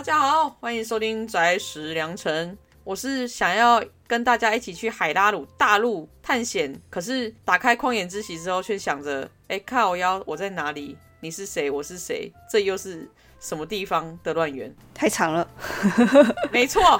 大家好，歡迎收聽宅食良辰。我是想要跟大家一起去海拉魯大陸探險，可是打開曠野之息之後卻著，卻想着：哎，靠腰，我在哪裡？你是誰？我是誰？這又是什麼地方的亂源？太長了。 沒錯，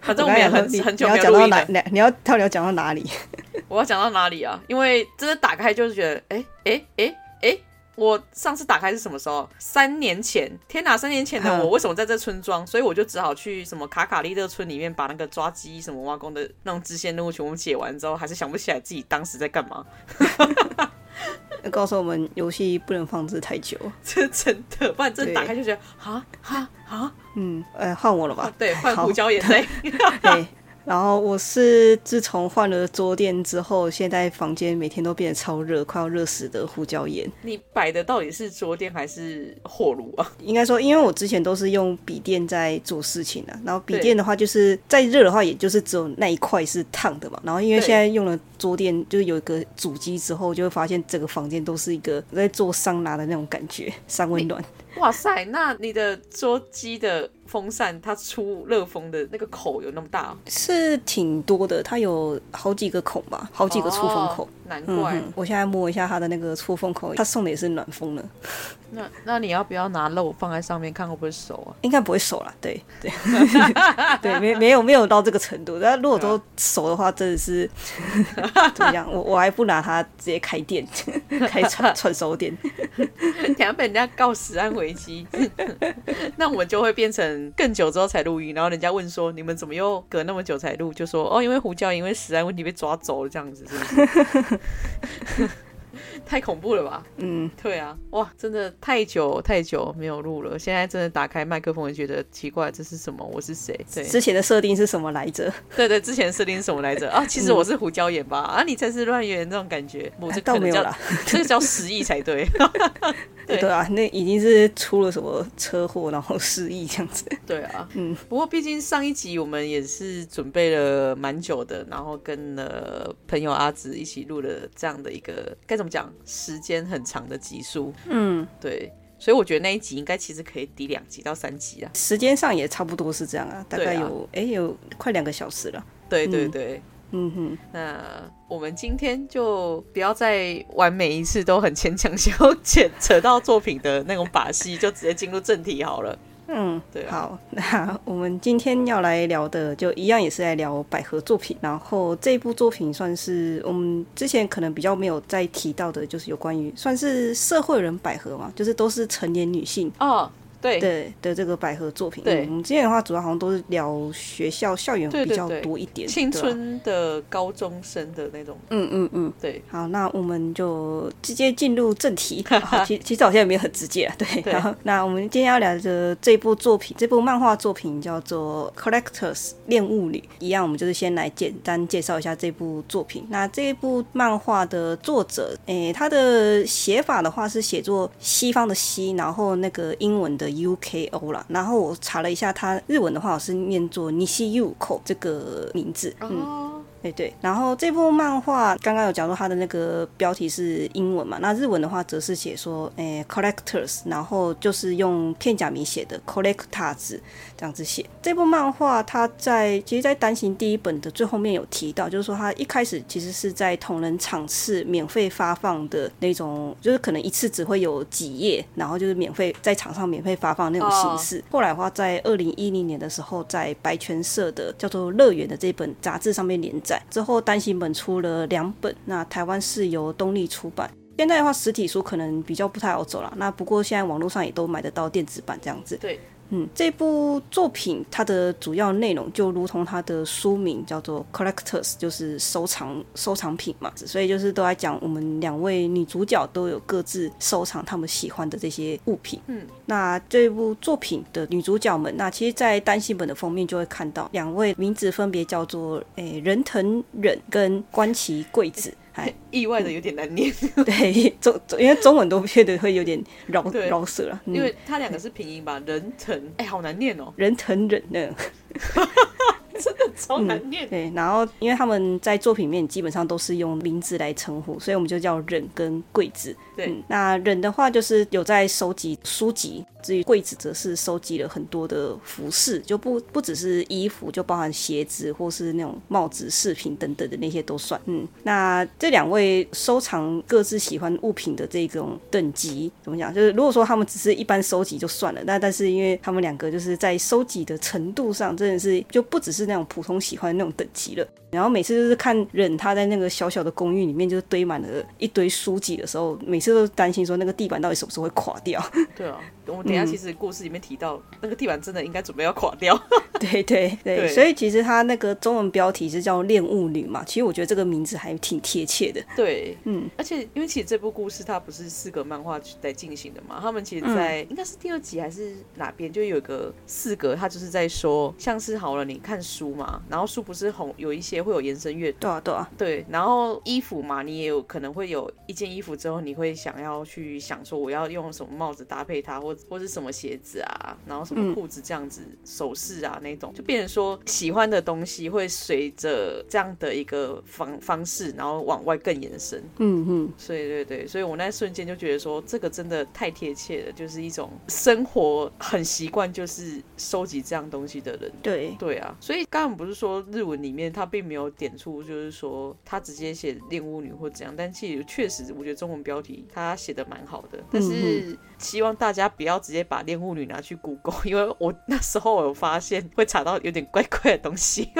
反正我們也很很久沒講到哪，你要到底要講到哪裡？ 我要講到哪裡啊？因為真的打開就是覺得，哎哎哎哎。欸欸欸我上次打開是什麼時候？三年前！天哪，三年前的我為什麼在這村莊？嗯？所以我就只好去什麼卡卡利的村裡面把那個抓雞、什麼挖工的那種支線任務全部解完之後，還是想不起來自己當時在幹嘛。 告訴我們遊戲不能放置太久，這 真的。不然這打開就覺得哈，哈，哈，嗯，哎，換我了吧？ 對，換胡椒鹽。對、 欸。然後我是自從換了桌電之後，現在房間每天都變得超熱，快要熱死的胡椒鹽。你擺的到底是桌電還是火爐啊？應該說，因為我之前都是用筆電在做事情的，然後筆電的話，就是再熱的話，也就是只有那一塊是燙的嘛。然後因為現在用了桌電，就是有一個主機之後，就會發現整個房間都是一個在做桑拿的那種感覺，三溫暖。哇塞，那你的桌機的。風扇它出熱風的那個口有那麼大？是挺多的，它有好幾個孔吧，好幾個出風口。哦，難怪。嗯，我現在摸一下它的那個出風口，它送的也是暖風的。那那你要不要拿肉放在上面看會不會熟啊？應該不會熟啦，對對 對，沒沒有沒有到這個程度。那如果都熟的話，真的是、啊、 怎麼樣？我我還不拿它直接開店開串串 熟店，想要被人家告食安危機， 那我們就會變成更久之後才錄音，然後人家問說你們怎麼又隔那麼久才錄？就說哦，因為胡椒因為食安問題被抓走了這樣子是不是。 太恐怖了吧？嗯，對啊，哇，真的太久太久沒有錄了，現在真的打開麥克風我覺得奇怪，這是什麼？我是誰？對，之前的設定是什麼來着？對對，之前的設定是什麼來着？啊，其實我是胡椒鹽吧、嗯？啊，你才是亂鹽這種感覺。我就哎、倒沒有了，這個叫失憶才對， 對。對啊，那已經是出了什麼車禍，然後失憶這樣子。對啊，嗯，不過畢竟上一集我們也是準備了蠻久的，然後跟了、呃、朋友阿紫一起錄了這樣的一個，該怎麼講？時間很長的集數，嗯，對，所以我覺得那一集應該其實可以抵兩集到三集啊，時間上也差不多是這樣啊，啊大概有，哎、欸，有快兩個小時了，對對對，嗯哼，那我們今天就不要再玩每一次都很牽強、想扯扯到作品的那種把戲， 就直接進入正題好了。嗯，對啊，好，那我們今天要來聊的，就一樣也是來聊百合作品。然後這部作品算是我們之前可能比較沒有再提到的，就是有關於算是社會人百合嘛，就是都是成年女性。哦。對對的，這個百合作品，對嗯、我們今天的話主要好像都是聊學校校園比較多一點。對對對、啊，青春的高中生的那種。嗯嗯嗯，對。好，那我們就直接進入正題、 哦其。其實好像也沒有很直接、啊。對，對然後，那我們今天要聊的這部作品，這部漫畫作品叫做《Collectors 戀物女》。一樣，我們就是先來簡單介紹一下這部作品。那這一部漫畫的作者，哎、欸，他的寫法的話是寫作西方的西，然後那個英文的。U K O 了，然後我查了一下，他日文的話，我是念作 Nishi Uko 這個名字。嗯。Oh. 哎對，對，然後這部漫畫剛剛有講說它的那個標題是英文嘛？那日文的話則是寫說，哎、欸，collectors，然後就是用片假名寫的 collectors 字這樣子寫。這部漫畫它在其實，在單行第一本的最後面有提到，就是說它一開始其實是在同人場次免費發放的那種，就是可能一次只會有幾頁，然後就是免費在場上免費發放那種形式。Oh. 後來的話，在二零一零年的時候，在白泉社的叫做樂園的這本雜誌上面連載。之後單行本出了兩本，那台灣是由東立出版。現在的話，實體書可能比較不太好走了。那不過現在網絡上也都買得到電子版這樣子。對。嗯，這部作品它的主要內容就如同它的書名叫做《Collectors》，就是收藏收藏品嘛，所以就是都在講我們兩位女主角都有各自收藏她們喜歡的這些物品。嗯，那這部作品的女主角們，那其實在單行本的封面就會看到兩位名字分別叫做誒仁、欸、藤忍跟關崎貴子。意外的有點難念、嗯， 對，中，中，因為中文都覺得會有點繞繞 舌了、嗯，因為他兩個是平音吧，嗯、人疼，哎、欸，好難念哦，人疼人呢。 這個超難念、嗯。對，然後因為他們在作品裡面基本上都是用名字來稱呼，所以我們就叫忍跟貴子。對，嗯、那忍的話就是有在收集書籍，至於貴子則是收集了很多的服飾，就不不只是衣服，就包含鞋子或是那種帽子、飾品等等的那些都算。嗯，那這兩位收藏各自喜歡物品的這種等級怎麼講？就是如果說他們只是一般收集就算了，那但是因為他們兩個就是在收集的程度上，真的是就不只是。那種普通喜歡的那種等級了。然後每次就是看忍他在那個小小的公寓裡面，就是堆滿了一堆書籍的時候，每次都是擔心說那個地板到底什麼時候會垮掉。對啊，我等等下其實故事裡面提到、嗯、那個地板真的應該準備要垮掉。對對對，對所以其實他那個中文標題是叫《戀物女》嘛，其實我覺得這個名字還挺貼切的。對，嗯，而且因為其實這部故事它不是四格漫畫在進行的嘛，他們其實在、嗯、應該是第二集還是哪邊，就有一個四格，他就是在說像是好了，你看書嘛，然後書不是紅有一些。也會有延伸閱讀，對啊對啊，對。然後衣服嘛，你也有可能會有一件衣服之後，你會想要去想說我要用什麼帽子搭配它，或或是什麼鞋子啊，然後什麼褲子這樣子，嗯、首飾啊那種，就變成說喜歡的東西會隨着這樣的一個方方式，然後往外更延伸。嗯嗯，所以對對，所以我那一瞬間就覺得說這個真的太貼切了，就是一種生活很習慣，就是收集這樣東西的人。對對啊，所以剛剛不是說日文裡面它並沒有沒有點出，就是說他直接寫戀物女或怎樣，但其實確實，我覺得中文標題他寫的蠻好的，但是希望大家不要直接把戀物女拿去 Google，因為我那時候我有發現會查到有點怪怪的東西。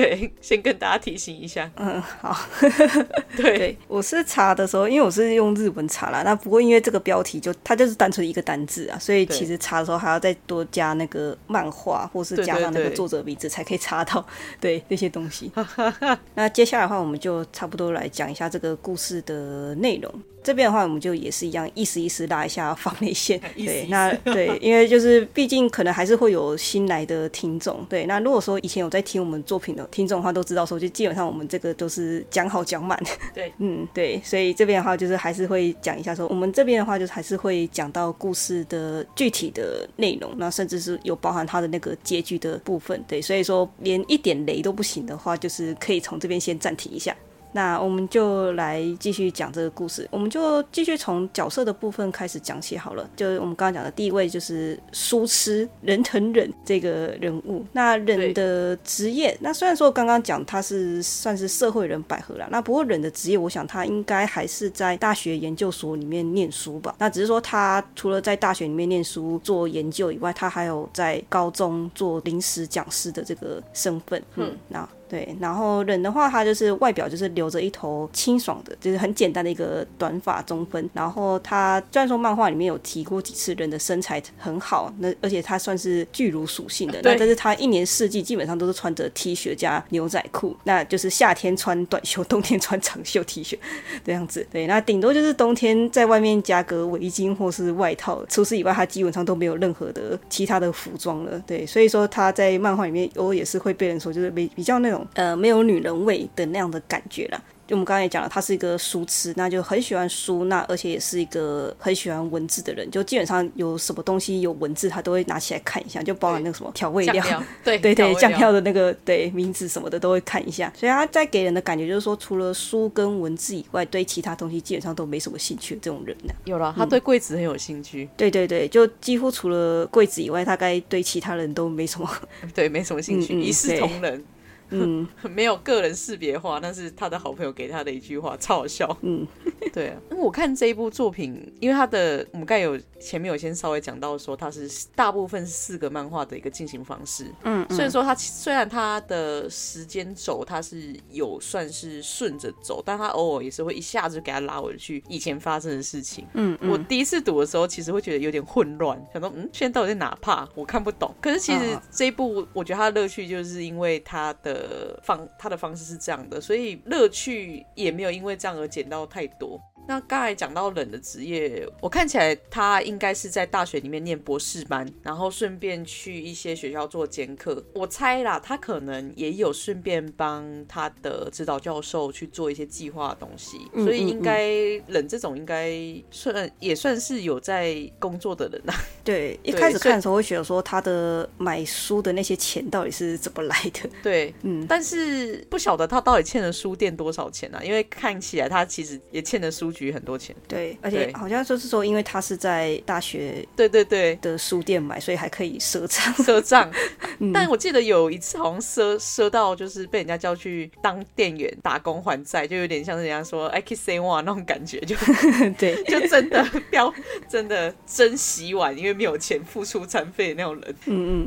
對，先跟大家提醒一下。嗯，好。 對，我是查的時候，因為我是用日文查啦。那不過因為這個標題就它就是單純一個單字啊，所以其實查的時候還要再多加那個漫畫，或是加上那個作者名字才可以查到。對，對，對，這 些東西。 那接下來的話，我們就差不多來講一下這個故事的內容。這邊的話，我們就也是一樣，意思意思拉一下防雷線，放一線。對，那對，因為就是畢竟可能還是會有新來的聽眾。對，那如果說以前有在聽我們作品的聽眾的話，都知道說，就基本上我們這個都是講好講滿。對，嗯，對，所以這邊的話就是還是會講一下，說我們這邊的話就是還是會講到故事的具體的內容，那甚至是有包含它的那個結局的部分。對，所以說連一點雷都不行的話，就是可以從這邊先暫停一下。那我們就來繼續講這個故事，我們就繼續從角色的部分開始講起好了。就我們剛剛講的第一位就是書痴仁藤忍這個人物。那忍的職業，那雖然說剛剛講他是算是社會人百合啦，那不過忍的職業，我想他應該還是在大學研究所裡面念書吧。那只是說他除了在大學裡面念書做研究以外，他還有在高中做臨時講師的這個身份。嗯，嗯那。對，然後忍的話，他就是外表就是留着一頭清爽的，就是很簡單的一個短髮中分。然後他雖然說漫畫裡面有提過幾次忍的身材很好，那而且他算是巨乳屬性的，對。那但是他一年四季基本上都是穿着 T 恤加牛仔褲，那就是夏天穿短袖，冬天穿長袖 T 恤這樣子。對，那頂多就是冬天在外面加個圍巾或是外套，除此以外，他基本上都沒有任何的其他的服裝了。對，所以說他在漫畫裡面偶爾也是會被人說就是比比較那種。呃，沒有女人味的那樣的感覺了。就我們剛剛也講了，他是一個書痴，那就很喜歡書，那而且也是一個很喜歡文字的人，就基本上有什麼東西有文字，他都會拿起來看一下，就包含那個什麼調味料，料對， 對對對，醬料的那個對名字什麼的都會看一下。所以他在給人的感覺就是說，除了書跟文字以外，對其他東西基本上都沒什麼興趣這種人呢、啊。有了，他對櫃子很有興趣、嗯。對對對，就幾乎除了櫃子以外，大概對其他人都沒什麼，對沒什麼興趣，一、嗯、視、嗯、同仁。嗯， 沒有個人識別化，但是他的好朋友給他的一句話超好笑。嗯， 對啊，因為我看這一部作品，因為他的我們剛有前面有先稍微講到說，它是大部分是四格漫畫的一個進行方式。嗯，雖然說他，雖然他的時間軸它是有算是順着走，但他偶爾也是會一下子給他拉回去以前發生的事情。嗯，我第一次讀的時候，其實會覺得有點混亂，想說嗯，現在到底在哪趴，我看不懂。可是其實這一部，啊、我覺得他的樂趣就是因為他的。呃，方他的方式是這樣的，所以樂趣也沒有因為這樣而減到太多。那剛才講到冷的職業，我看起來他應該是在大學裡面念博士班，然後順便去一些學校做兼課。我猜啦，他可能也有順便幫他的指導教授去做一些計劃的東西，所以應該冷，嗯嗯嗯，這種應該算也算是有在工作的人啦、啊。對，一開始看的時候會覺得說他的買書的那些錢到底是怎麼來的？對，嗯，但是不曉得他到底欠了書店多少錢啊，因為看起來他其實也欠了書。舉很多錢對，對，而且好像就是說，因為他是在大學對對對的書店買，所以還可以賒賬賒賬。 但我記得有一次，好像賒賒、嗯、到就是被人家叫去當店員打工還債，就有點像是人家說“哎 k e s s a y one” 那種感覺就，就 對，就真的標真的真洗碗，因為沒有錢付出餐費的那種人。嗯嗯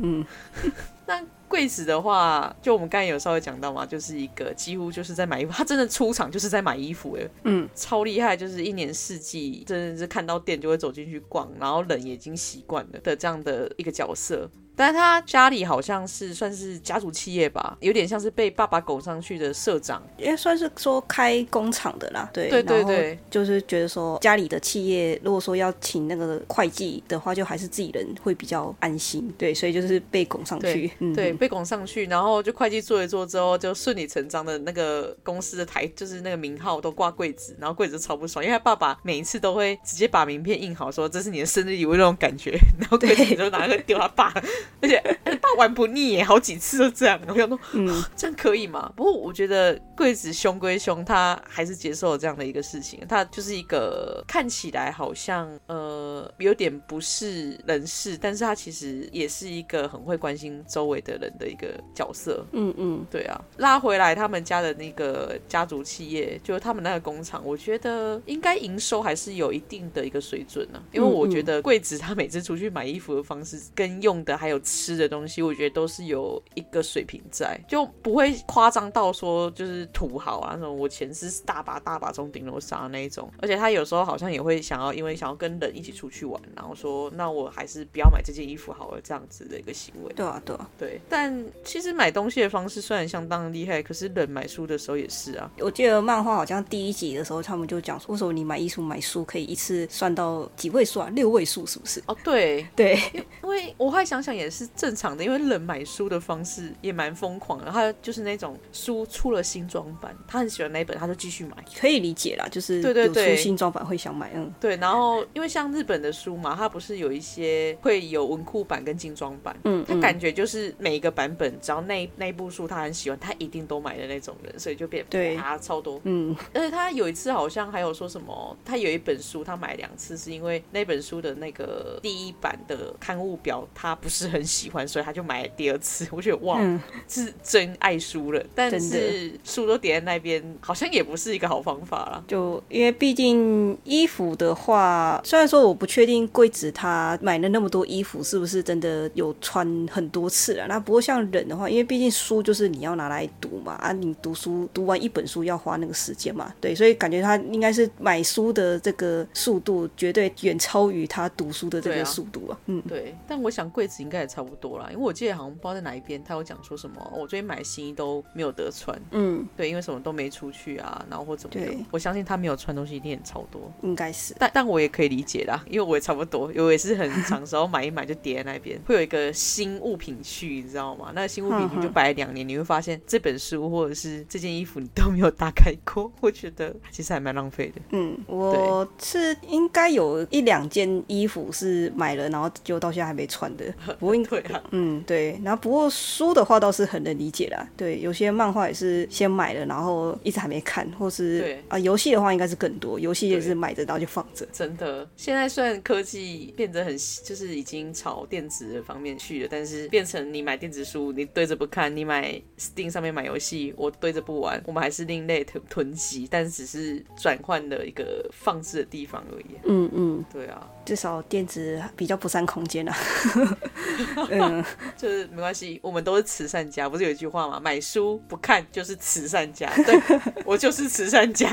嗯。 那。櫃子的話，就我們剛才有稍微講到嘛，就是一個幾乎就是在買衣服，他真的出場就是在買衣服誒、欸，嗯，超厲害，就是一年四季真的是看到店就會走進去逛，然後冷也已經習慣了的這樣的一個角色。但是他家裡好像是算是家族企業吧，有點像是被爸爸拱上去的社長，也算是說開工廠的啦對。對對對，就是覺得說家裡的企業，如果說要請那個會計的話，就還是自己人會比較安心。對，所以就是被拱上去對、嗯，對，被拱上去，然後就會計做一做之後，就順理成章的那個公司的台，就是那個名號都掛櫃子，然後櫃子超不爽，因為他爸爸每一次都會直接把名片印好，說這是你的生日禮物那種感覺，然後櫃子你就拿去丟他爸。 而且、欸，爸玩不膩耶，好幾次都這樣。我講說，嗯、哦，這樣可以嗎？不過我覺得貴子凶歸凶，他還是接受了這樣的一個事情。他就是一個看起來好像呃有點不是人事，但是他其實也是一個很會關心周圍的人的一個角色。嗯嗯，對啊。拉回來他們家的那個家族企業，就是他們那個工廠，我覺得應該營收還是有一定的一個水準呢、啊。因為我覺得貴子他每次出去買衣服的方式跟用的還有。有吃的東西，我覺得都是有一個水平在，就不會誇張到說就是土豪啊那種。我錢是大把大把從頂樓撒那一種，而且他有時候好像也會想要，因為想要跟人一起出去玩，然後說那我還是不要買這件衣服好了，這樣子的一個行為。對啊，對啊，對。但其實買東西的方式雖然相當厲害，可是人買書的時候也是啊。我記得漫畫好像第一集的時候，他們就講說，為什麼你買衣服買書可以一次算到幾位數啊？六位數是不是？哦，對對，因為我還想想也。也是正常的，因為冷買書的方式也蠻瘋狂的。他就是那種書出了新裝版，他很喜歡那一本，他就繼續買，可以理解啦。就是對對對，出新裝版會想買，對對對，嗯，對。然後因為像日本的書嘛，他不是有一些會有文庫版跟精裝版，嗯，他感覺就是每一個版本，只要那那部書他很喜歡，他一定都買的那種人，所以就變得對啊，超多，嗯。而且他有一次好像還有說什麼，他有一本書他買兩次，是因為那本書的那個第一版的刊物表，他不是。很喜歡，所以他就買了第二次。我覺得哇、嗯，是真愛書了。但是書都疊在那邊，好像也不是一個好方法啦。就因為畢竟衣服的話，雖然說我不確定貴子他買了那麼多衣服是不是真的有穿很多次了。那不過像忍的話，因為畢竟書就是你要拿來讀嘛，啊，你讀書讀完一本書要花那個時間嘛，對，所以感覺他應該是買書的這個速度絕對遠超於他讀書的這個速度啊。嗯，對。但我想貴子應該。差不多啦，因為我記得好像不知道在哪一邊，他有講說什麼、哦，我最近買的新衣都沒有得穿。嗯，對，因為什麼都沒出去啊，然後或怎麼的。我相信他沒有穿東西一定很超多，應該是。但但我也可以理解啦，因為我也差不多，我也是很常時候買一買就疊在那邊， 會有一個新物品區你知道嗎？那個新物品你就擺了兩年，你會發現這本書或者是這件衣服你都沒有打開過。我覺得其實還蠻浪費的。嗯，我是應該有一兩件衣服是買了，然後就到現在還沒穿的。啊、嗯，對，然後不過書的話倒是很能理解的，對，有些漫畫也是先買了，然後一直還沒看，或是對啊，遊戲的話應該是更多，遊戲也是買的，然後就放着。真的，現在雖然科技變得很，就是已經朝電子的方面去了，但是變成你買電子書，你對着不看，你買 Steam 上面買遊戲，我對着不玩，我們還是另類囤囤積，但只是轉換了一個放置的地方而已。嗯嗯，對啊，至少電子比較不佔空間啊。 嗯， 就是沒關係，我們都是慈善家，不是有一句話嗎？買書不看就是慈善家，對 我就是慈善家。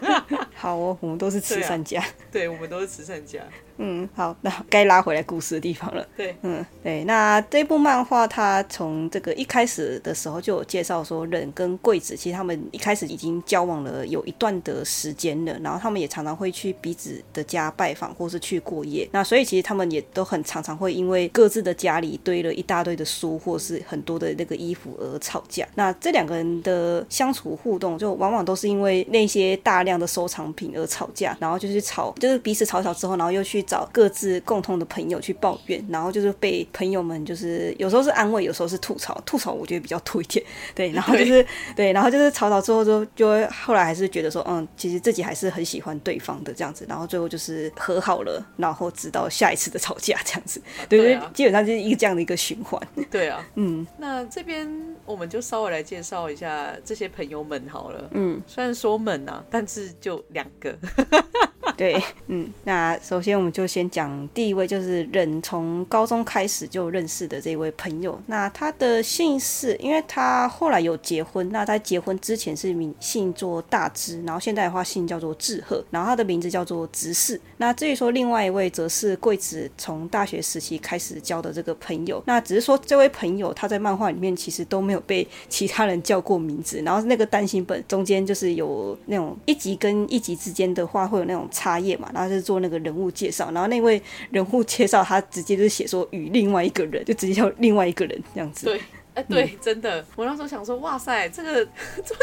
好哦，我們都是慈善家，對啊，對，我們都是慈善家。嗯，好，那該拉回來故事的地方了。對，嗯，對，那這部漫畫它從這個一開始的時候就有介紹說，忍跟貴子其實他們一開始已經交往了有一段的時間了，然後他們也常常會去彼此的家拜訪或是去過夜。那所以其實他們也都很常常會因為各自的家裡堆了一大堆的書或是很多的那個衣服而吵架。那這兩個人的相處互動就往往都是因為那些大量的收藏品而吵架，然後就是吵，就是彼此吵吵之後，然後又去找各自共同的朋友去抱怨，然後就是被朋友們就是有時候是安慰，有時候是吐槽，吐槽我覺得比較吐一點，對，然後就是對，對，然後就是吵吵之後就就會後來還是覺得說，嗯，其實自己還是很喜歡對方的這樣子，然後最後就是和好了，然後直到下一次的吵架這樣子，對不對？對啊，基本上就是一個這樣的一個循環。對啊，嗯，那這邊我們就稍微來介紹一下這些朋友們好了，嗯，雖然說們啊，但是就兩個。 對，嗯，那首先我們就先講第一位，就是忍從高中開始就認識的這位朋友。那他的姓氏，因為他後來有結婚，那在結婚之前是名姓做大知，然後現在的話姓叫做志賀，然後他的名字叫做直士。那至於說另外一位，則是貴子從大學時期開始交的這個朋友。那只是說這位朋友他在漫畫裡面其實都沒有被其他人叫過名字，然後那個單行本中間就是有那種一集跟一集之間的話會有那種差插頁嘛，然後就是做那個人物介紹，然後那位人物介紹他直接就寫說與另外一個人，就直接叫另外一個人這樣子。對。哎、欸，對、嗯，真的，我那時候想說，哇塞，這個為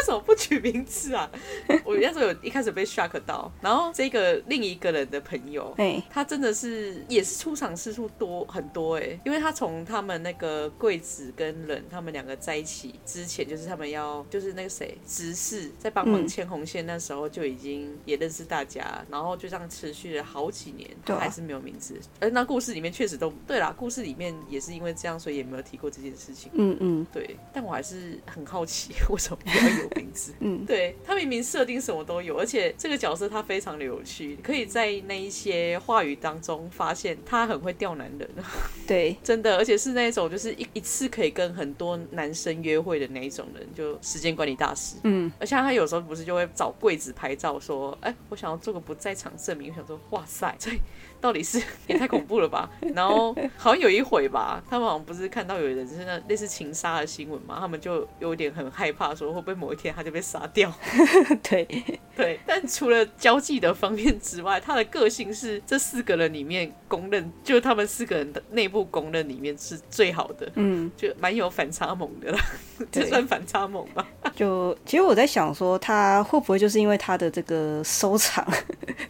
什麼不取名字啊？ 我那時候有一開始被 shock 到，然後這個另一個人的朋友，哎、欸，他真的是也是出場次數多很多哎、欸，因為他從他們那個桂子跟冷他們兩個在一起之前，就是他們要就是那個誰執事在幫忙牽紅線，那時候就已經也認識大家、嗯，然後就這樣持續了好幾年，對，還是沒有名字。而、嗯呃、那故事裡面確實都對啦，故事裡面也是因為這樣，所以也沒有提過這件事情，嗯嗯。嗯，對，但我還是很好奇，為什麼不會有名字？嗯，對，他明明設定什麼都有，而且這個角色他非常的有趣，可以在那一些話語當中發現他很會釣男人。對，真的，而且是那種就是一一次可以跟很多男生約會的那一種人，就時間管理大師。嗯，而且他有時候不是就會找櫃子拍照，說，哎、欸，我想要做個不在場證明，我想說，哇塞，所以到底是也、欸、太恐怖了吧？然後好像有一回吧，他們好像不是看到有人真的類似情殺的新聞嘛？他們就有點很害怕，說會不會某一天他就被殺掉？ 對對，但除了交際的方面之外，他的個性是這四個人裡面公認，就他們四個人的內部公認裡面是最好的。嗯，就蠻有反差萌的啦，這 算反差萌吧。就其實我在想說，他會不會就是因為他的這個收藏，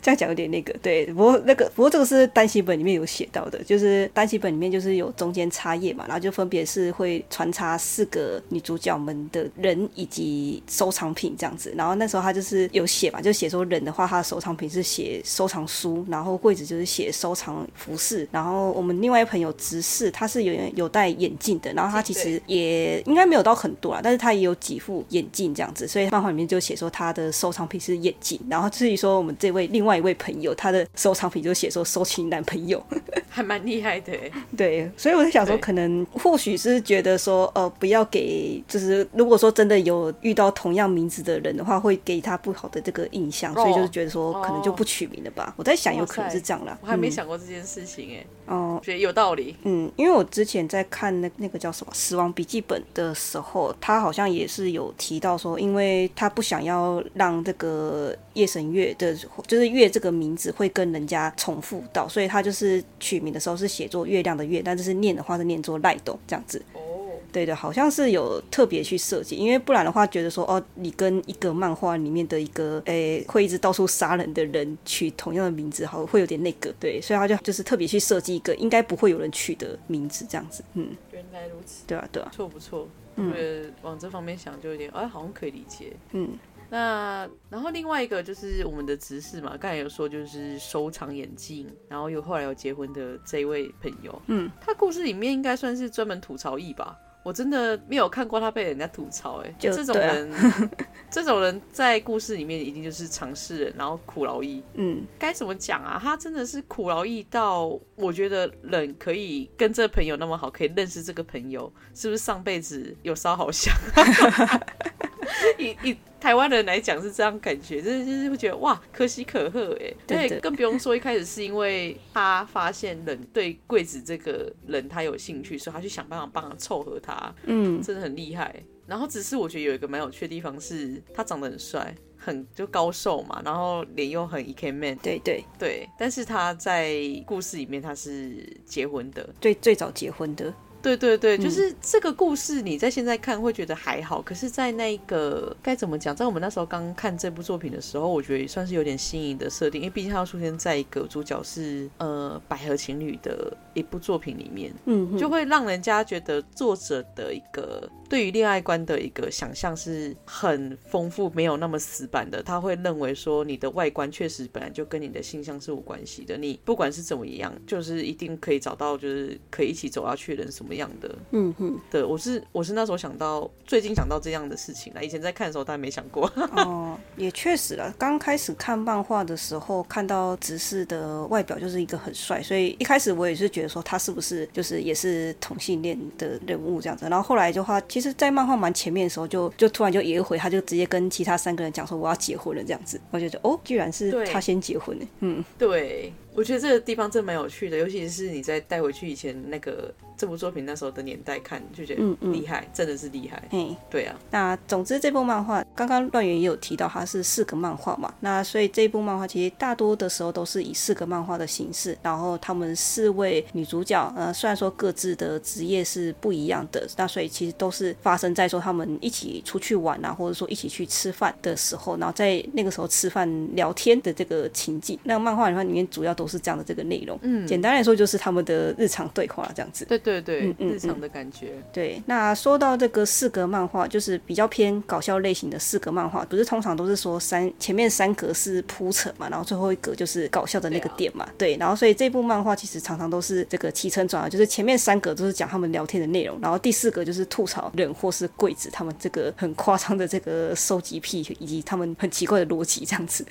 這樣講有點那個對。我那個這個是單行本裡面有寫到的，就是單行本裡面就是有中間插頁嘛，然後就分別是會穿插四個女主角們的人以及收藏品這樣子。然後那時候他就是有寫嘛，就寫說人的話，他的收藏品是寫收藏書，然後櫃子就是寫收藏服飾。然後我們另外一朋友直視，他是有有戴眼鏡的，然後他其實也應該沒有到很多啦，但是他也有幾副眼鏡這樣子，所以漫畫裡面就寫說他的收藏品是眼鏡。然後至於說我們這位另外一位朋友，他的收藏品就寫說。收起男朋友， 還蠻厲害的。對，所以我在想說，可能或許是覺得說，呃，不要給，就是如果說真的有遇到同樣名字的人的話，會給他不好的這個印象，哦、所以就是覺得說，可能就不取名了吧。哦、我在想，有可能是這樣了、嗯。我還沒想過這件事情哎、欸。哦、嗯，覺得有道理。嗯，因為我之前在看那那個叫什麼《死亡筆記本》的時候，他好像也是有提到說，因為他不想要讓這個夜神月的，就是月這個名字會跟人家重複。所以他就是取名的時候是寫作月亮的月，但就是念的話是念作賴斗這樣子。哦、oh.，對的，好像是有特別去設計，因為不然的話覺得說哦，你跟一個漫畫裡面的一個誒、欸、會一直到處殺人的人取同樣的名字，好會有點那個，對，所以他就就是特別去設計一個應該不會有人取的名字這樣子。嗯，原來如此。對啊對啊，不錯不錯，嗯，往這方面想就有點啊、嗯哦，好像可以理解。嗯。那然後另外一個就是我們的執事嘛，剛才有說就是收藏眼鏡，然後又後來有結婚的這一位朋友，嗯，他故事裡面應該算是專門吐槽役吧？我真的沒有看過他被人家吐槽、欸，哎，這種人呵呵，這種人在故事裡面一定就是常識人，然後苦勞役。嗯，該怎麼講啊？他真的是苦勞役到我覺得人可以跟這朋友那麼好，可以認識這個朋友，是不是上輩子有燒好香？ 以以台灣人來講是這樣感覺，就是就是會覺得哇，可喜可賀哎、欸！對，對，對，更不用說一開始是因為他發現人對桂子這個人他有興趣，所以他去想辦法幫他湊合他，嗯，真的很厲害。然後只是我覺得有一個蠻有趣的地方是，他長得很帥，很就高瘦嘛，然後臉又很 ikemen，對對對，對。但是他在故事裡面他是結婚的，對，最早結婚的。對對對，就是這個故事，你在現在看會覺得還好，可是，在那一個該怎麼講，在我們那時候剛看這部作品的時候，我覺得也算是有點新穎的設定，因為畢竟它要出現在一個主角是呃百合情侶的一部作品裡面，嗯，就會讓人家覺得作者的一個對於戀愛觀的一個想象是很豐富，沒有那麼死板的。他會認為說，你的外觀確實本來就跟你的性向是無關係的，你不管是怎麼樣，就是一定可以找到就是可以一起走下去的人什麼樣的，嗯哼，對，我是我是那時候想到最近想到這樣的事情啊，以前在看的時候大家沒想過。哦、 嗯，也確實了，剛開始看漫畫的時候，看到直視的外表就是一個很帥，所以一開始我也是覺得說他是不是就是也是同性戀的人物這樣子。然後後來的話，其實，在漫畫蠻前面的時候就，就就突然就一個回，他就直接跟其他三個人講說我要結婚了這樣子。我覺得哦，居然是他先結婚的，嗯，對，我覺得這個地方真的蠻有趣的，尤其是你在帶回去以前那個。這部作品那時候的年代看就覺得厲害，嗯嗯，真的是厲害。哎、嗯，對啊。那總之這部漫畫，剛剛亂源也有提到，它是四格漫畫嘛。那所以這部漫畫其實大多的時候都是以四格漫畫的形式，然後他們四位女主角，呃，雖然說各自的職業是不一樣的，那所以其實都是發生在說他們一起出去玩啊，或者說一起去吃飯的時候，然後在那個時候吃飯聊天的這個情景。那個、漫畫裡面主要都是這樣的這個內容。嗯，簡單來說就是他們的日常對話、啊、這樣子。對。對對，日常的感覺。嗯嗯嗯。對，那說到這個四格漫畫，就是比較偏搞笑類型的四格漫畫，不是通常都是說三前面三格是鋪陳嘛，然後最後一格就是搞笑的那個點嘛。對啊。對，然後所以這部漫畫其實常常都是這個起承轉，就是前面三格都是講他們聊天的內容，然後第四格就是吐槽人或是櫃子他們這個很誇張的這個收集癖以及他們很奇怪的邏輯這樣子。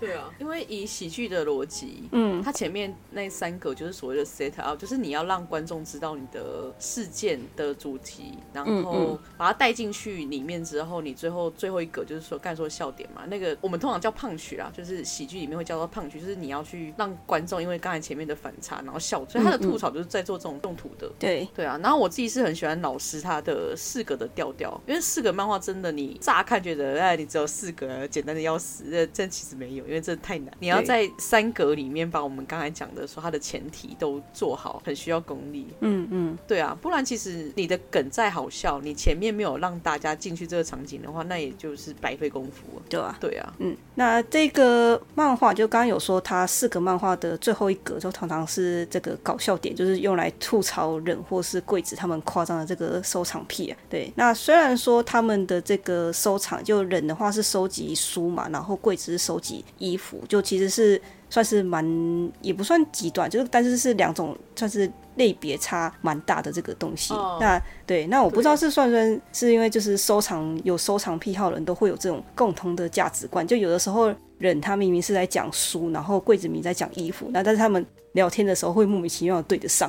對啊，因為以喜劇的邏輯，嗯，他前面那三格就是所謂的 set out 就是你要讓觀眾知道。你的事件的主題，然後把它帶進去裡面之後，你最後最後一格就是說，概說笑點嘛。那個我們通常叫胖曲啦，就是喜劇裡面會叫做胖曲，就是你要去讓觀眾因為剛才前面的反差，然後笑。所以他的吐槽就是在做這種動土的。對對啊，然後我自己是很喜歡老師他的四格的調調，因為四格漫畫真的你乍看覺得哎，你只有四格，簡單的要死，這其實沒有，因為這太難。你要在三格裡面把我們剛才講的說他的前提都做好，很需要功力。嗯。嗯，對啊，不然其實你的梗再好笑，你前面沒有讓大家進去這個場景的話，那也就是白費功夫，對吧、啊？對啊，嗯，那這個漫畫就剛剛有說，它四格漫畫的最後一格就常常是這個搞笑點，就是用來吐槽忍或是桂子他們誇張的這個收藏癖、啊。對，那雖然說他們的這個收藏，就忍的話是收集書嘛，然後桂子是收集衣服，就其實是。算是蠻，也不算極端，就是但是是兩種算是類別差蠻大的這個東西。哦、那對，那我不知道是算不算是因為就是收藏有收藏癖好的人都會有這種共同的價值觀，就有的時候人他明明是在講書，然後櫃子明在講衣服，那但是他們。聊天的時候會莫名其妙對得上，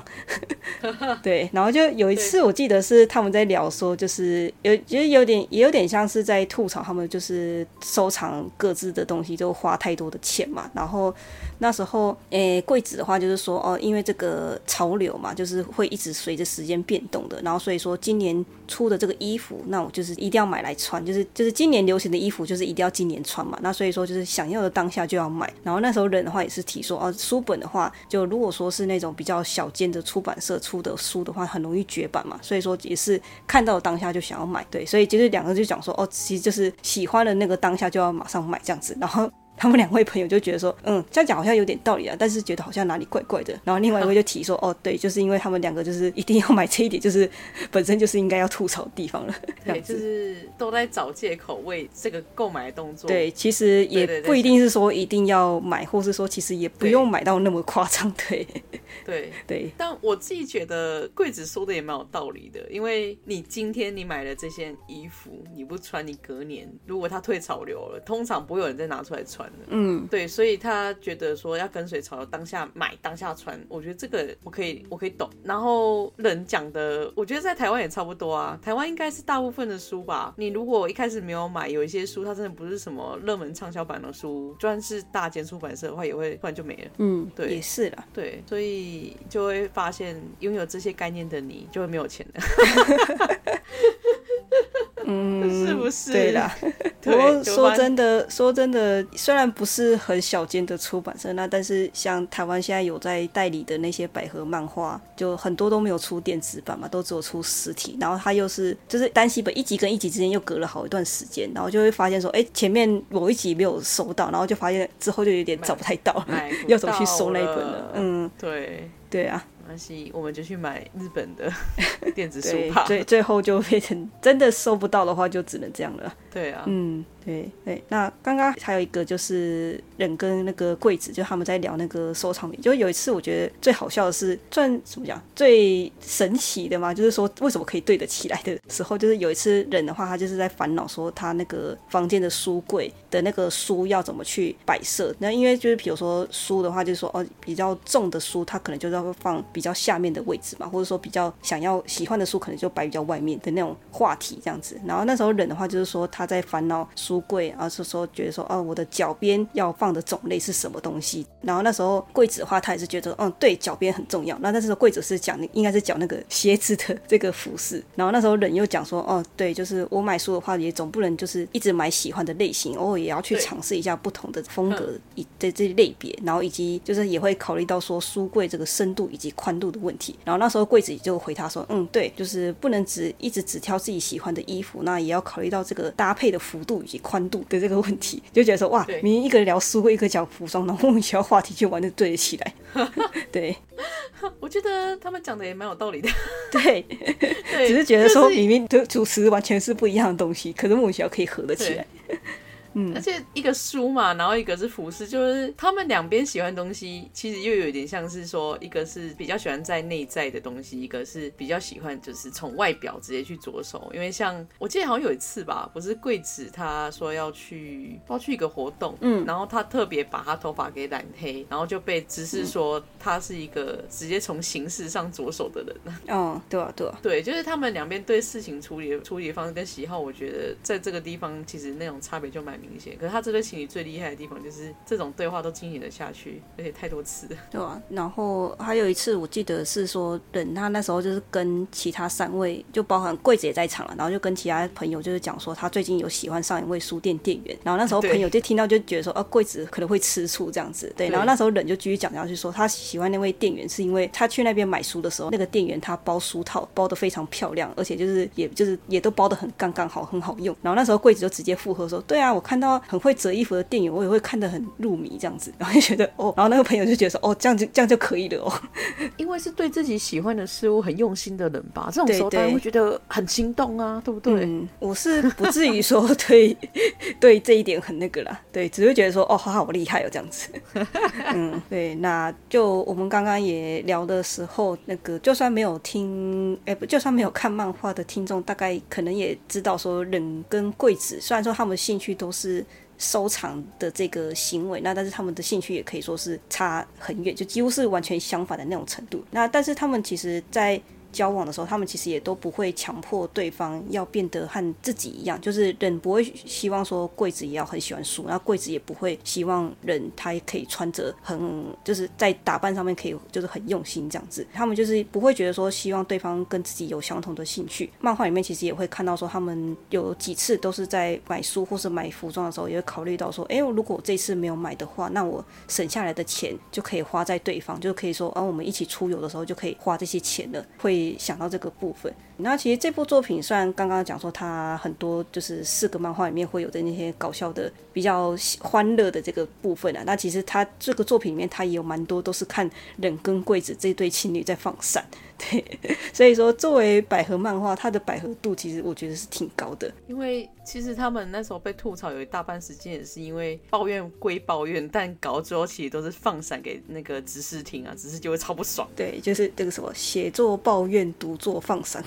對，然後就有一次我記得是他們在聊說，就是有覺有點也有點像是在吐槽他們就是收藏各自的東西就花太多的錢嘛。然後那時候誒、欸、櫃子的話就是說哦，因為這個潮流嘛，就是會一直隨着時間變動的。然後所以說今年出的這個衣服，那我就是一定要買來穿，就是就是今年流行的衣服就是一定要今年穿嘛。那所以說就是想要的當下就要買。然後那時候人的話也是提說哦，書本的話就。就如果說是那種比較小間的出版社出的書的話，很容易絕版嘛，所以說也是看到當下就想要買，對，所以其實兩個人就講說，哦，其實就是喜歡的那個當下就要馬上買這樣子，然後。他們兩位朋友就覺得說，嗯，這樣講好像有點道理啊，但是覺得好像哪裡怪怪的。然後另外一位就提說，哦，對，就是因為他們兩個就是一定要買這一點，就是本身就是應該要吐槽的地方了。對，就是都在找借口為這個購買的動作。對，其實也不一定是說一定要買，或是說其實也不用買到那麼誇張。對，對對，對。但我自己覺得桂子說的也蠻有道理的，因為你今天你買了這件衣服，你不穿，你隔年如果它退潮流了，通常不會有人再拿出來穿。嗯，對，所以他覺得說要跟隨潮流當，當下買，當下穿。我覺得這個我可以，我可以懂。然後人講的，我覺得在台灣也差不多啊。台灣應該是大部分的書吧？你如果一開始沒有買，有一些書，它真的不是什麼熱門暢銷版的書，就算是大間出版社的話，也會突然就沒了。嗯，對，也是了。對，所以就會發現擁有這些概念的你，就會沒有錢了。 嗯，是不是？對啦，不 過說真的， 說真的，雖然不是很小間的出版社，那但是像台灣現在有在代理的那些百合漫畫，就很多都沒有出電子版嘛，都只有出實體。然後它又是就是單行本，一集跟一集之間又隔了好一段時間，然後就會發現說，哎、欸，前面某一集沒有收到，然後就發現之後就有點找不太到，到 要怎麼去搜那一本了。嗯，對，對啊。關係，我們就去買日本的電子書。 對，最最後就變成真的收不到的話，就只能這樣了。對啊，嗯。對對，那剛剛還有一個就是忍跟那個貴子，就他們在聊那個收藏品。就有一次，我覺得最好笑的是，算，怎麼講，最神奇的嘛，就是說，為什麼可以對得起來的時候，就是有一次忍的話，他就是在煩惱說他那個房間的書櫃的那個書要怎麼去擺設。那因為就是比如說書的話，就是說哦，比較重的書，他可能就是要放比較下面的位置嘛，或者說比較想要喜歡的書，可能就擺比較外面的那種話題這樣子。然後那時候忍的話，就是說他在煩惱書櫃，而是說覺得說，哦，我的腳邊要放的種類是什麼東西？然後那時候櫃子的話，他也是覺得，嗯、哦，對，腳邊很重要。那那時候櫃子是講，應該是講那個鞋子的這個服飾。然後那時候人又講說，哦，對，就是我買書的話，也總不能就是一直買喜歡的類型，偶爾也要去嘗試一下不同的風格以這這類別。然後以及就是也會考慮到說書櫃這個深度以及寬度的問題。然後那時候櫃子也就回他說，嗯，對，就是不能只一直只挑自己喜歡的衣服，那也要考慮到這個搭配的幅度以及。寬度的這個問題，就覺得說哇，明明一個聊書櫃，一個講服裝，然後莫名其妙話題就完全對得起來。 對，我覺得他們講的也蠻有道理的對。對，只是覺得說、就是、明明主持完全是不一樣的東西，可是莫名其妙可以合得起來。 而且一個書嘛，然後一個是服飾，就是他們兩邊喜歡東西，其實又有一點像是說，一個是比較喜歡在內在的東西，一個是比較喜歡就是從外表直接去着手。因為像我記得好像有一次吧，不是桂子他說要去包去一個活動，嗯，然後他特別把他頭髮給染黑，然後就被直視說他是一個直接從形式上着手的人。哦、嗯，對啊，對啊，對，就是他們兩邊對事情處理處理的方式跟喜好，我覺得在這個地方其實那種差別就蠻明。可是他這對情侶最厲害的地方就是這種對話都進行得下去，而且太多次了。對啊，然後還有一次我記得是說，冷他那時候就是跟其他三位，就包含櫃子也在場了，然後就跟其他朋友就是講說他最近有喜歡上一位書店店員，然後那時候朋友就聽到就覺得說，呃、啊，櫃子可能會吃醋這樣子。對，然後那時候冷就繼續講下去，就說他喜歡那位店員是因為他去那邊買書的時候，那個店員他包書套包得非常漂亮，而且就是也就是也都包得很剛剛好，很好用。然後那時候櫃子就直接附和說，對啊，我。看到很會折衣服的電影，我也會看得很入迷這樣子，然後就覺得哦，然後那個朋友就覺得說哦，這樣子這樣就可以了哦，因為是對自己喜歡的事物很用心的人吧，這種時候當然會覺得很心動啊，對不對？嗯、我是不至於說對 對，對這一點很那個啦，對，只會覺得說哦，他好，好厲害哦這樣子，嗯，對，那就我們剛剛也聊的時候，那個就算沒有聽，哎，不，就算沒有看漫畫的聽眾，大概可能也知道說忍跟桂子，雖然說他們興趣都是。是收藏的這個行為，那但是他們的興趣也可以說是差很遠，就幾乎是完全相反的那種程度。那但是他們其實在。交往的時候，他們其實也都不會強迫對方要變得和自己一樣，就是人不會希望說貴子也要很喜歡書，然後貴子也不會希望人他也可以穿着很就是在打扮上面可以就是很用心這樣子，他們就是不會覺得說希望對方跟自己有相同的興趣。漫畫裡面其實也會看到說，他們有幾次都是在買書或是買服裝的時候，也會考慮到說，哎，如果我這次沒有買的話，那我省下來的錢就可以花在對方，就可以說，啊，我們一起出遊的時候就可以花這些錢了，會。想到這個部分，那其實這部作品雖然剛剛講說，它很多就是四個漫畫裡面會有的那些搞笑的、比較歡樂的這個部分啊。那其實它這個作品裡面，它也有蠻多都是看忍跟貴子這對情侶在放閃。對，所以說作為百合漫畫，它的百合度其實我覺得是挺高的。因為其實他們那時候被吐槽有一大半時間也是因為抱怨歸抱怨，但搞了之後其實都是放閃給那個執事聽啊，執事就會超不爽。對，就是那個什麼寫作抱怨，讀作放閃。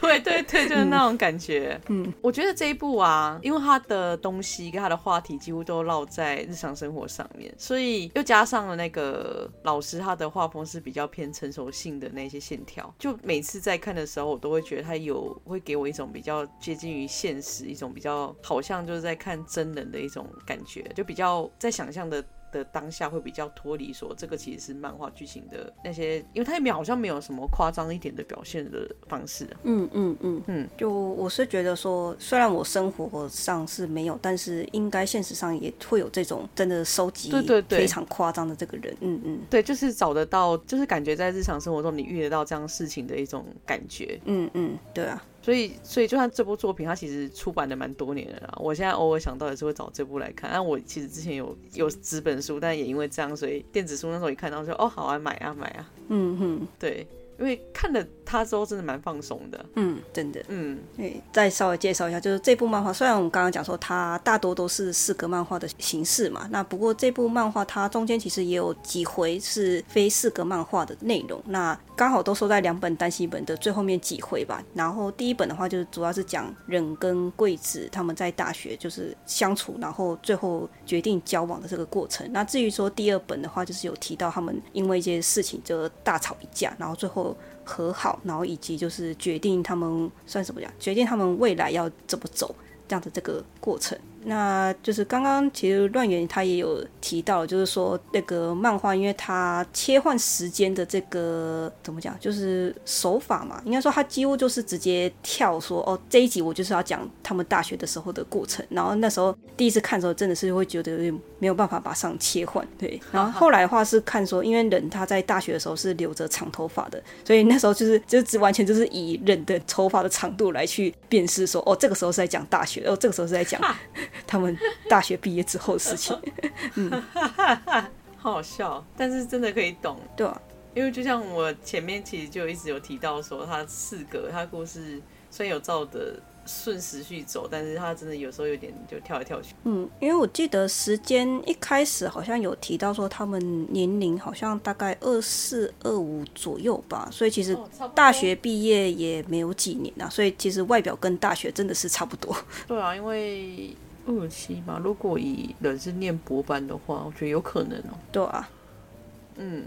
對對對，就是那種感覺。嗯，我覺得這一部啊，因為他的東西跟他的話題幾乎都落在日常生活上面，所以又加上了那個老師，他的畫風是比較偏成熟性的那些線條。就每次在看的時候，我都會覺得它有會給我一種比較接近於現實，一種比較好像就是在看真人的一種感覺，就比較在想象的。當下會比較脫離，說這個其實是漫畫劇情的那些，因為它也沒好像沒有什麼誇張一點的表現的方式。嗯嗯嗯嗯，就我是覺得說，雖然我生活上是沒有，但是應該現實上也會有這種真的收集非常誇張的這個人。對對對嗯嗯，對，就是找得到，就是感覺在日常生活中你遇得到這樣事情的一種感覺。嗯嗯，對啊。所以，所以就像這部作品，它其實出版的蠻多年的了。我現在偶爾想到也是會找這部來看。那我其實之前有有紙本書，但也因為這樣，所以電子書那時候一看到就哦，好啊，買啊，買啊。嗯哼，對。因為看了他之後，真的蠻放鬆的。嗯，真的。嗯，對，再稍微介紹一下，就是這部漫畫，雖然我們剛剛講說它大多都是四格漫畫的形式嘛，那不過這部漫畫它中間其實也有幾回是非四格漫畫的內容。那剛好都收在兩本單行本的最後面幾回吧。然後第一本的話，就是主要是講忍跟貴子他們在大學就是相處，然後最後決定交往的這個過程。那至於說第二本的話，就是有提到他們因為一些事情就大吵一架，然後最後。和好，然後以及就是決定他們算什麼呀，決定他們未來要怎麼走，這樣的這個過程。那就是剛剛其實亂源他也有提到，就是說那個漫畫，因為他切換時間的這個怎麼講，就是手法嘛，應該說他幾乎就是直接跳說哦這一集我就是要講他們大學的時候的過程，然後那時候第一次看的時候真的是會覺得有點沒有辦法馬上切換，對，然後後來的話是看說因為忍他在大學的時候是留着長頭髮的，所以那時候就是就只完全就是以忍的頭髮的長度來去辨識說哦這個時候是在講大學，哦這個時候是在講。 他們大學畢業之後的事情，嗯， 好好笑，但是真的可以懂，對啊，因為就像我前面其實就一直有提到說，他四個他故事雖然有照著順時序走，但是他真的有時候有點就跳來跳去，嗯，因為我記得時間一開始好像有提到說他們年齡好像大概二四二五左右吧，所以其實大學畢業也沒有幾年啊，所以其實外表跟大學真的是差不多，對啊，因為。二期嘛，如果以人是念博班的話，我覺得有可能哦、喔。對啊，嗯，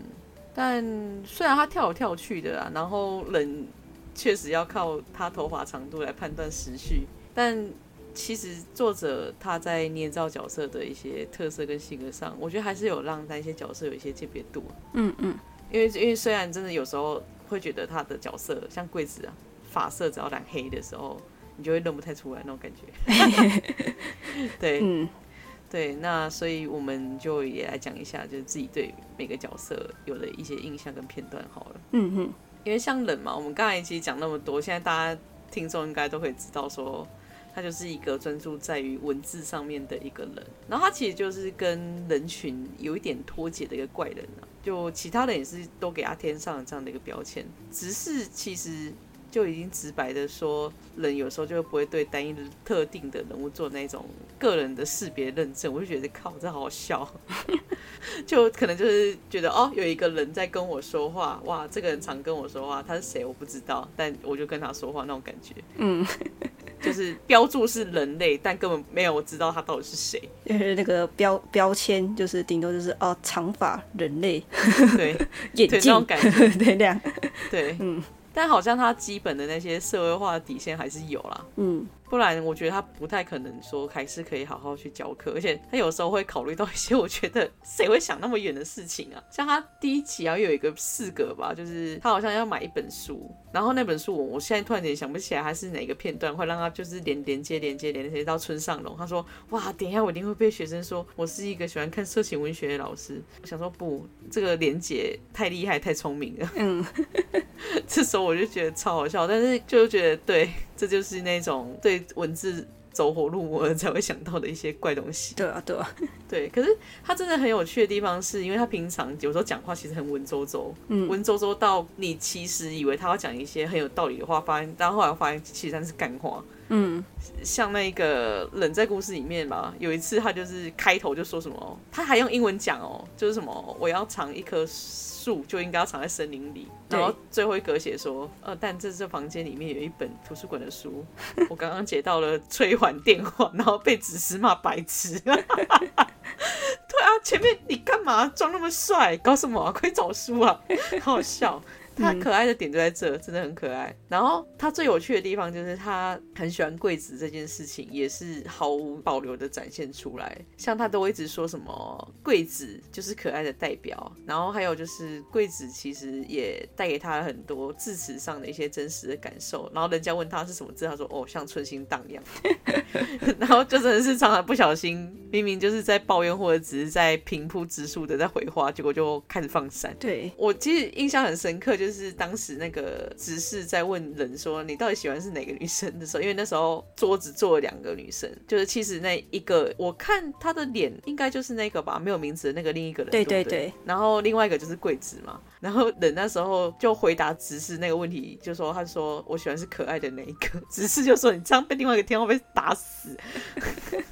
但雖然他跳來跳去的啊，然後冷確實要靠他頭髮長度來判斷時序，但其實作者他在捏造角色的一些特色跟性格上，我覺得還是有讓那一些角色有一些鑑別度。嗯嗯，因為因為雖然真的有時候會覺得他的角色像桂子啊，髮色只要染黑的時候。你就會認不太出來那種感覺， 對，嗯，對，那所以我們就也來講一下，就是自己對每個角色有的一些印象跟片段好了。嗯哼，因為像冷嘛，我們剛才其實講那麼多，現在大家聽眾應該都會知道說，他就是一個專注在於文字上面的一個人，然後他其實就是跟人群有一點脫節的一個怪人啊，就其他人也是都給他添上了這樣的一個標籤，只是其實。就已經直白的說，人有時候就會不會對單一的特定的人物做那種個人的識別認證，我就覺得靠，真好笑。 就可能就是覺得哦，有一個人在跟我說話，哇，這個人常跟我說話，他是誰我不知道，但我就跟他說話那種感覺。嗯，就是標註是人類，但根本沒有我知道他到底是誰。嗯，就是那個標標籤就是頂多就是哦，長髮人類， 對，眼鏡，對，那種感覺 對，那樣，對，嗯。但好像他基本的那些社會化的底線還是有啦。嗯。不然我覺得他不太可能說，還是可以好好去教課，而且他有時候會考慮到一些我覺得誰會想那麼遠的事情啊，像他第一集要有一個四格吧，就是他好像要買一本書，然後那本書我，我現在突然間想不起來他是哪一個片段會讓他就是連連接連接連接到村上龍，他說哇，等一下我一定會被學生說我是一個喜歡看色情文學的老師，我想說不，這個連接太厲害太聰明了，嗯， 這時候我就覺得超好笑，但是就覺得對。這就是那種對文字走火入魔才會想到的一些怪東西。對啊，對啊， 對。可是他真的很有趣的地方，是因為他平常有時候講話其實很文縐縐，嗯，文縐縐到你其實以為他要講一些很有道理的話，發現，但後來發現其實他是幹話。嗯，像那個人在故事裡面吧，有一次他就是開頭就說什麼，他還用英文講哦，就是什麼我要藏一棵樹，就應該要藏在森林裡。然後最後一格寫說，呃，但這這房間裡面有一本圖書館的書，我剛剛接到了催還電話，然後被指示罵白痴。 對啊，前面你幹嘛裝那麼帥？搞什麼，啊？快找書啊！好，好笑。他可愛的點就在這，真的很可愛。然後他最有趣的地方就是他很喜歡櫃子這件事情，也是毫無保留的展現出來。像他都一直說什麼櫃子就是可愛的代表，然後還有就是櫃子其實也帶給他很多字詞上的一些真實的感受。然後人家問他是什麼字，他說哦，像春心蕩漾。 然後就真的是常常不小心，明明就是在抱怨或者只是在平鋪直敘的在回話，結果就開始放閃。對。我其實印象很深刻就是。就是當時那個只是在問人說：“你到底喜歡是哪個女生？”的時候，因為那時候桌子坐了兩個女生，就是其實那一個，我看她的臉應該就是那個吧，沒有名字的那個另一個人，對對對，對不對？然後另外一個就是桂子嘛。然後忍那時候就回答直視那個問題，就說他說我喜歡是可愛的那一個，直視就說你這樣被另外一個天后被打死，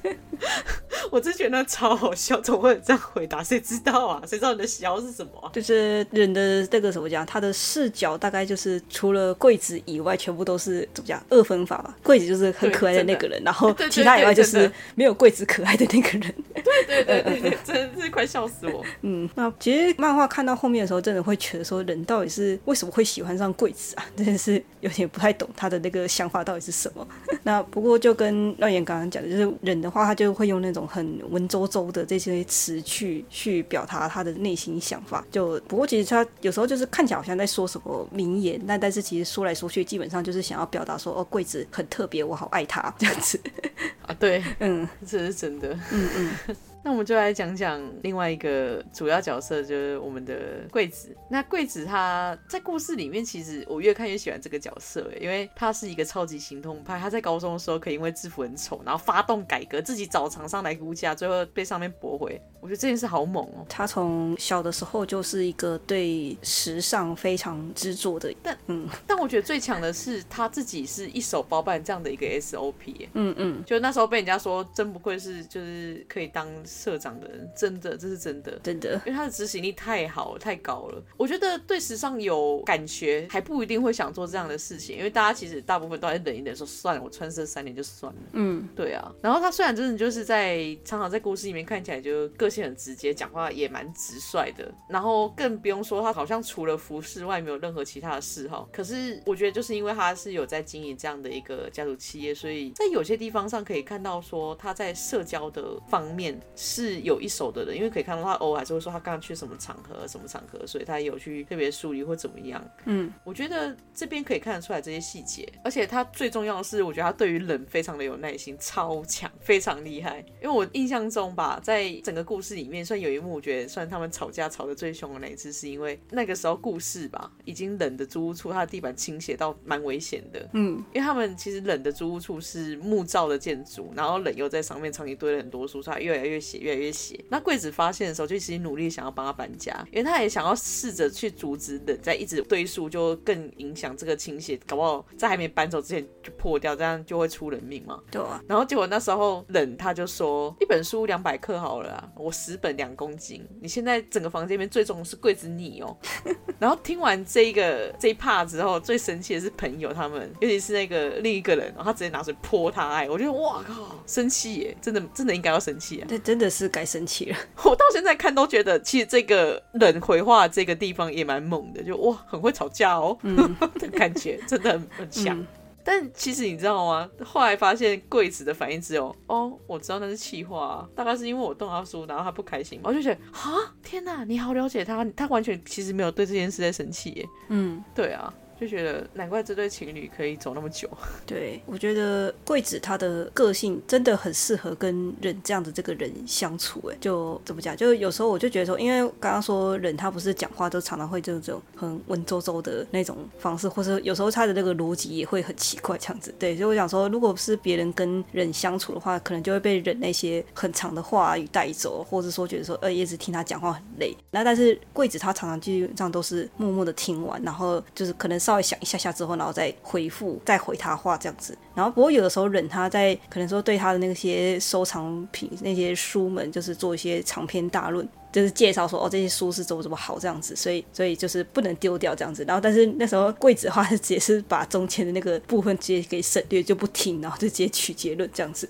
我真覺得那超好笑，怎麼會有這樣回答，誰知道啊？誰知道你的喜好是什麼、啊？就是忍的這個怎麼講？他的視角大概就是除了貴子以外，全部都是怎麼講二分法吧？貴子就是很可愛的那個人，然後其他以外就是沒有貴子可愛的那個人。對對對對對，真的、 嗯嗯、 真的真的是快笑死我。嗯，那其實漫畫看到後面的時候，真的會。覺得說忍到底是為什麼會喜歡上桂子啊？真的是有點不太懂他的那個想法到底是什麼。 那不過就跟亂言剛剛講的，就是忍的話，他就會用那種很文縐縐的這些詞去去表達他的內心想法。就不過其實他有時候就是看起來好像在說什麼名言，但但是其實說來說去，基本上就是想要表達說哦，桂子很特別，我好愛他這樣子 啊。對，嗯，這是真的，嗯嗯。那我們就來講講另外一個主要角色，就是我們的櫃子。那櫃子他在故事裡面，其實我越看越喜歡這個角色，因為他是一個超級行動派。他在高中的時候，可以因為制服很醜，然後發動改革，自己找廠商來估價，最後被上面駁回。我覺得這件事好猛哦。他從小的時候就是一個對時尚非常執着的但，但嗯，但我覺得最強的是他自己是一手包辦這樣的一個 SOP。嗯嗯，就那時候被人家說真不愧是，就是可以當。社長的人，真的，這是真的，真的，因為他的執行力太好了，太高了。我覺得對時尚有感覺還不一定會想做這樣的事情，因為大家其實大部分都在忍一忍說，說算了，我穿這三年就算了。嗯，對啊。然後他雖然真的就是在常常在故事裡面看起來就個性很直接，講話也蠻直率的。然後更不用說他好像除了服飾外沒有任何其他的事哈嗜好。可是我覺得就是因為他是有在經營這樣的一個家族企業，所以在有些地方上可以看到說他在社交的方面，是有一手的人，因為可以看到他偶爾還是會說他剛剛去什麼場合什麼場合，所以他也有去特別梳理或怎麼樣。嗯，我覺得這邊可以看得出來這些細節，而且他最重要的是，我覺得他對於冷非常的有耐心，超強，非常厲害。因為我印象中吧，在整個故事裡面，算有一幕，我覺得算他們吵架，吵得最凶的那一次，是因為那個時候故事吧，已經冷的租屋處，他的地板傾斜到蠻危險的。嗯，因為他們其實冷的租屋處是木造的建築，然後冷又在上面長期堆了很多書，所以越來越。越來越斜，那櫃子發現的時候，就一直努力想要幫他搬家，因為他也想要試着去阻止冷在一直堆書就更影響這個傾斜，搞不好在還沒搬走之前就破掉，這樣就會出人命嘛。對、啊。然後結果那時候冷，他就說一本書兩百克好了，啊，我十本兩公斤，你現在整個房間裡面，最重的是櫃子你哦、喔。 然後聽完這一個這一 part 之後，最生氣的是朋友他們，尤其是那個另一個人，然後他直接拿水潑他愛，愛，我覺得哇靠，生氣耶！真的真的應該要生氣啊！真。 真的是該生氣了，我到現在看都覺得，其實這個人回話這個地方也蠻猛的，就哇，很會吵架哦，嗯、 感覺真的很,很強。嗯、但其實你知道嗎？後來發現櫃子的反應只有哦，我知道那是氣話、啊，大概是因為我動他書，然後他不開心，我就覺得啊，天哪，你好了解他，他完全其實沒有對這件事在生氣，耶，嗯，對啊。就覺得難怪這對情侶可以走那麼久。對，我覺得貴子他的個性真的很適合跟忍這樣的這個人相處。哎，就怎麼講？就有時候我就覺得說，因為剛剛說忍他不是講話都常常會這種很文縐縐的那種方式，或者有時候他的那個邏輯也會很奇怪這樣子。對，所以我想說，如果是別人跟忍相處的話，可能就會被忍那些很長的話語帶走，或者說覺得說，呃，也一直聽他講話很累。那但是貴子他常常基本上都是默默的聽完，然後就是可能是。稍微想一下下之後，然後再回復，再回他話這樣子。然後，不過有的時候忍他在，在可能說對他的那些收藏品、那些書們，就是做一些長篇大論。就是介紹說哦，這些書是怎麼怎麼好這樣子，所以所以就是不能丟掉這樣子。然後，但是那時候櫃子的話也是把中間的那個部分直接給省略，就不聽，然後就直接取結論這樣子，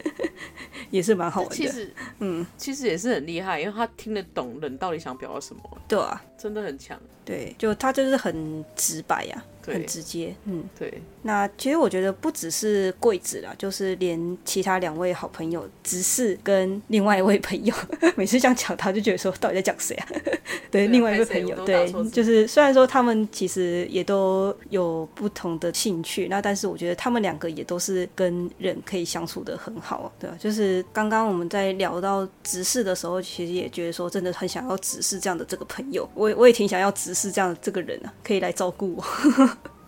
也是蠻好玩的。其實，嗯，其實也是很厲害，因為他聽得懂人到底想表達什麼。對啊，真的很強。對，就他就是很直白呀、啊，很直接。嗯，對。那其實我覺得不只是櫃子啦，就是連其他兩位好朋友，直視跟另外一位朋友，每次這樣講，他就覺得說。我在講誰啊？對，另外一位朋友，對，就是雖然說他們其實也都有不同的興趣，那但是我覺得他們兩個也都是跟人可以相處得很好，對啊，就是剛剛我們在聊到直視的時候，其實也覺得說真的很想要直視這樣的這個朋友，我我也挺想要直視這樣的這個人啊，可以來照顧我。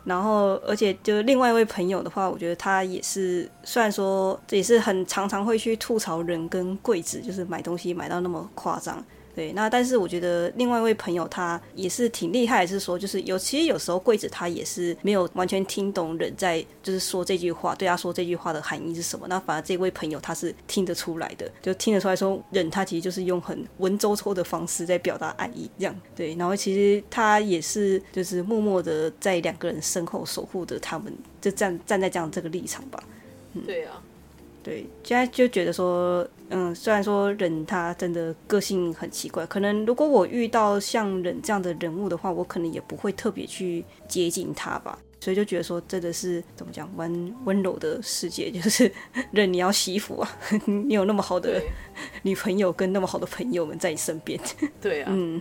然後，而且就是另外一位朋友的話，我覺得他也是，雖然說也是很常常會去吐槽人跟貴子，就是買東西買到那麼誇張。對，那但是我覺得另外一位朋友他也是挺厲害，是說就是有其實有時候桂子他也是沒有完全聽懂忍在就是說這句話對他說這句話的含義是什麼，那反而這位朋友他是聽得出來的，就聽得出來說忍他其實就是用很文縐縐的方式在表達愛意這樣，對，然後其實他也是就是默默的在兩個人身後守護着他們，就站站在這樣這個立場吧，嗯、對啊。對，現在就覺得說，嗯，雖然說忍他真的個性很奇怪，可能如果我遇到像忍這樣的人物的話，我可能也不會特別去接近他吧。所以就覺得說，真的是怎麼講，溫溫柔的世界就是忍你要惜福啊呵呵，你有那麼好的女朋友跟那麼好的朋友們在你身邊，對啊。嗯。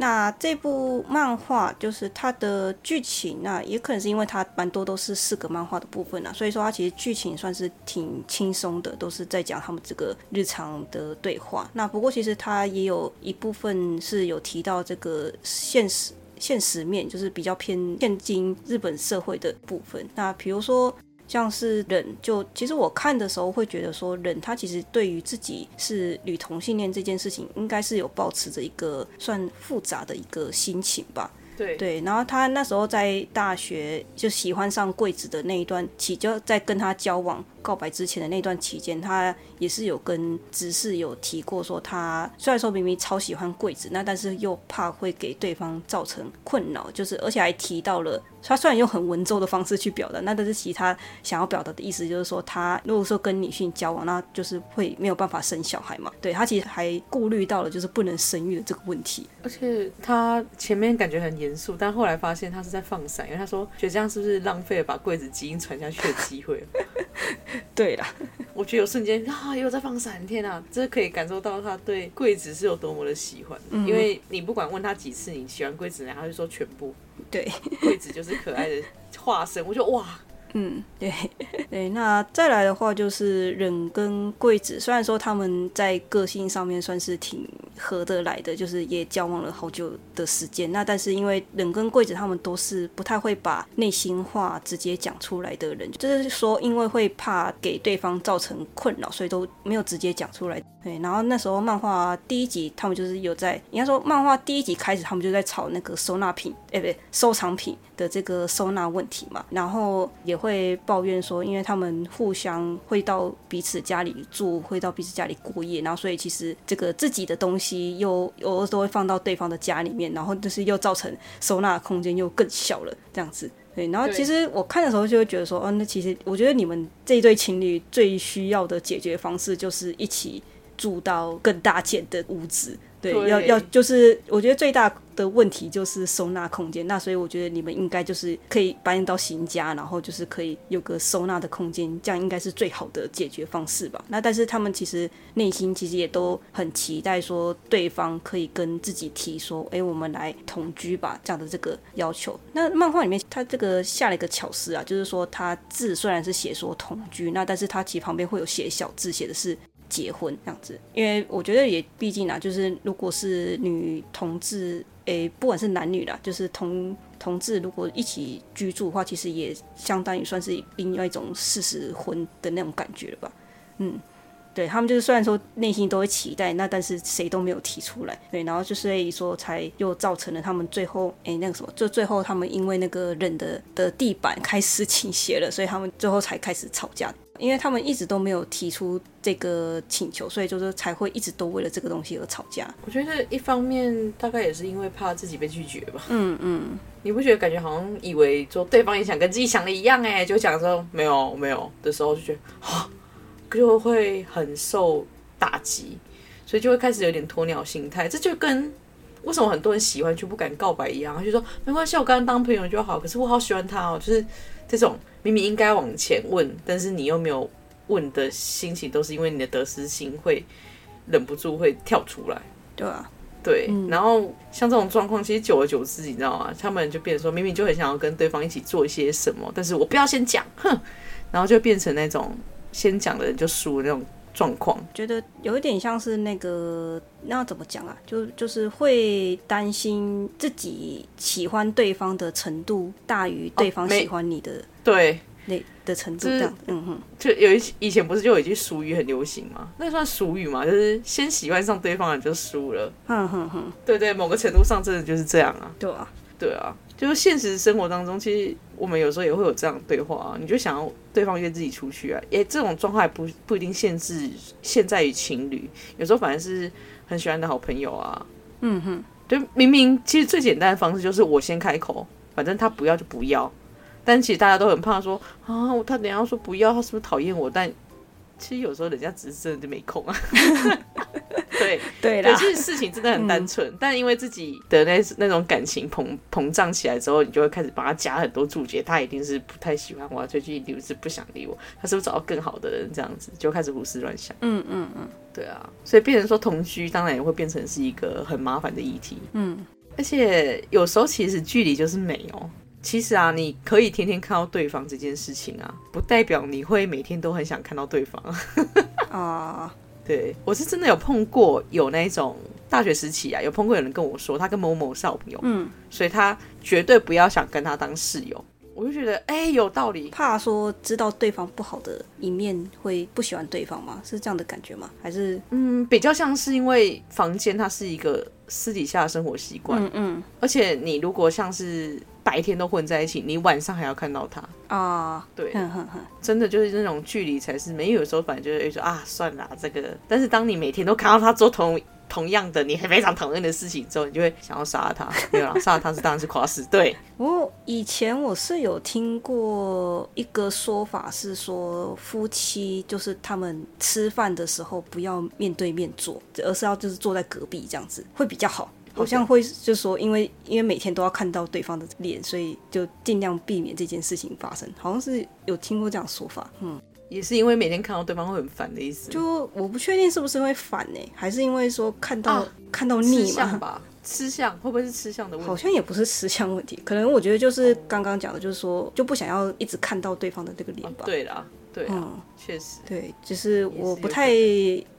那這部漫畫就是它的劇情，那也可能是因為它蠻多都是四格漫畫的部分啊。所以說它其實劇情算是挺輕鬆的，都是在講他們這個日常的對話。那不過其實它也有一部分是有提到這個現實現實面，就是比較偏現今日本社會的部分。那比如說。像是忍，就其實我看的時候會覺得說，忍他其實對於自己是女同性戀這件事情，應該是有抱持着一個算複雜的一個心情吧。對，對，然後他那時候在大學就喜歡上桂子的那一段，起就在跟他交往。告白之前的那段期間，他也是有跟直視有提過，說他雖然說明明超喜歡貴子，那但是又怕會給對方造成困擾，就是而且還提到了他雖然用很文縐的方式去表達，那但是其實他想要表達的意思就是說，他如果說跟女性交往，那就是會沒有辦法生小孩嘛。對，他其實還顧慮到了就是不能生育的這個問題。而且他前面感覺很嚴肅，但後來發現他是在放閃，因為他說覺得這樣是不是浪費了把貴子基因傳下去的機會了。 對啦，我覺得有瞬間啊，又在放閃，天啊，這可以感受到他對桂子是有多麼的喜歡，嗯、因為你不管問他幾次你喜歡桂子呢，然後就說全部。對，桂子就是可愛的化身， 我覺得哇，嗯，對對。那再來的話就是忍跟桂子，雖然說他們在個性上面算是挺。合得來的，就是也交往了好久的時間。那但是因為人跟貴子他們都是不太會把內心話直接講出來的人，就是、就是說因為會怕給對方造成困擾，所以都沒有直接講出來。對，然後那時候漫畫、啊、第一集，他們就是有在，應該說漫畫第一集開始，他們就在吵那個收納品，哎、欸、不對，收藏品的這個收納問題嘛。然後也會抱怨說，因為他們互相會到彼此家裡住，會到彼此家裡過夜，然後所以其實這個自己的東西又偶爾都會放到對方的家裡面，然後就是又造成收納空間又更小了這樣子。對，然後其實我看的時候就會覺得說，哦，那其實我覺得你們這一對情侶最需要的解決方式就是一起住到更大間的屋子。對，對要要就是我覺得最大的問題就是收納空間。那所以我覺得你們應該就是可以搬到新家，然後就是可以有個收納的空間，這樣應該是最好的解決方式吧。那但是他們其實內心其實也都很期待說對方可以跟自己提說，哎，我們來同居吧這樣的這個要求。那漫畫裡面他這個下了一個巧思啊，就是說他字雖然是寫說同居，那但是他其實旁邊會有寫小字，寫的是。結婚這樣子，因為我覺得也畢竟啦、啊,就是如果是女同志，誒、欸，不管是男女啦，就是同同志，如果一起居住的話，其實也相當於算是另外一種事實婚的那種感覺了吧。嗯，對他們就是雖然說內心都會期待，那但是誰都沒有提出來。對，然後就是說才又造成了他們最後誒、欸、那個什麼，就最後他們因為那個人的的地板開始傾斜了，所以他們最後才開始吵架。因為他們一直都沒有提出這個請求，所以就是才會一直都為了這個東西而吵架。我覺得一方面大概也是因為怕自己被拒絕吧。嗯嗯，你不覺得感覺好像以為就對方也想跟自己想的一樣誒、欸，就講說沒有沒有的時候就覺得啊，就會很受打擊，所以就會開始有點鴕鳥心態。這就跟為什麼很多人喜歡卻不敢告白一樣，就說沒關係，我剛剛當朋友就好。可是我好喜歡他哦，就是這種。明明應該往前問，但是你又沒有問的心情，都是因為你的得失心會忍不住會跳出來，對啊，對。嗯、然後像這種狀況，其實久而久之，你知道嗎？他們就變成說，明明就很想要跟對方一起做一些什麼，但是我不要先講，哼，然後就變成那種先講的人就輸的那種。狀況覺得有一點像是那個，那要怎麼講啊？就就是會擔心自己喜歡對方的程度大於對方喜歡你的、哦、對那的程度、就是。嗯哼，就有一以前不是就有一句俗語很流行嗎？那算俗語嗎？就是先喜歡上對方了就輸了。嗯哼哼，對，對對，某個程度上真的就是這樣啊。對啊，對啊，就是現實生活當中其實。我們有時候也會有這樣對話啊，你就想要對方約自己出去啊，誒、欸，這種狀態不不一定限制限在於情侶，有時候反而是很喜歡的好朋友啊，嗯哼，就明明其實最簡單的方式就是我先開口，反正他不要就不要，但其實大家都很怕說啊，他等下說不要，他是不是討厭我？但其實有時候人家只是真的就沒空啊 對，對啦對啦。其實事情真的很單純，嗯，但因為自己的那那種感情膨膨脹起來之後，你就會開始把他加很多注解。他一定是不太喜歡我，最近一定是不想理我，他是不是找到更好的人？這樣子就開始胡思亂想。嗯嗯嗯，對啊。所以變成說同居，當然也會變成是一個很麻煩的議題。嗯，而且有時候其實距離就是美哦。其實啊，你可以天天看到對方這件事情啊，不代表你會每天都很想看到對方。啊、 uh...，對，我是真的有碰過，有那種大學時期啊，有碰過有人跟我說，他跟某某是好朋友，嗯，所以他絕對不要想跟他當室友。我就覺得，哎、欸，有道理，怕說知道對方不好的一面會不喜歡對方嗎？是這樣的感覺嗎？還是，嗯，比較像是因為房間它是一個。私底下的生活習慣、嗯，嗯，而且你如果像是白天都混在一起，你晚上還要看到他啊、哦？對、嗯嗯嗯，真的就是那種距離才是沒有，有時候反、就是，反正就會說啊，算了，這個。但是當你每天都看到他做同。同樣的，你很非常討厭的事情之後，你就會想要殺了他，對啊，殺 了他是當然是誇死。對，我以前我是有聽過一個說法，是說夫妻就是他們吃飯的時候不要面對面坐，而是要就是坐在隔壁這樣子會比較好，好像會就是說，因為因為每天都要看到對方的臉，所以就盡量避免這件事情發生，好像是有聽過這樣的說法，嗯。也是因為每天看到對方會很煩的意思，就我不確定是不是會煩呢、欸，還是因為說看到、啊、看到膩嘛？吃相吧？吃相會不會是吃相的問題？好像也不是吃相問題，可能我覺得就是剛剛講的，就是說、哦、就不想要一直看到對方的這個臉吧、哦。對啦，對啦，嗯，確實，對，就是我不太，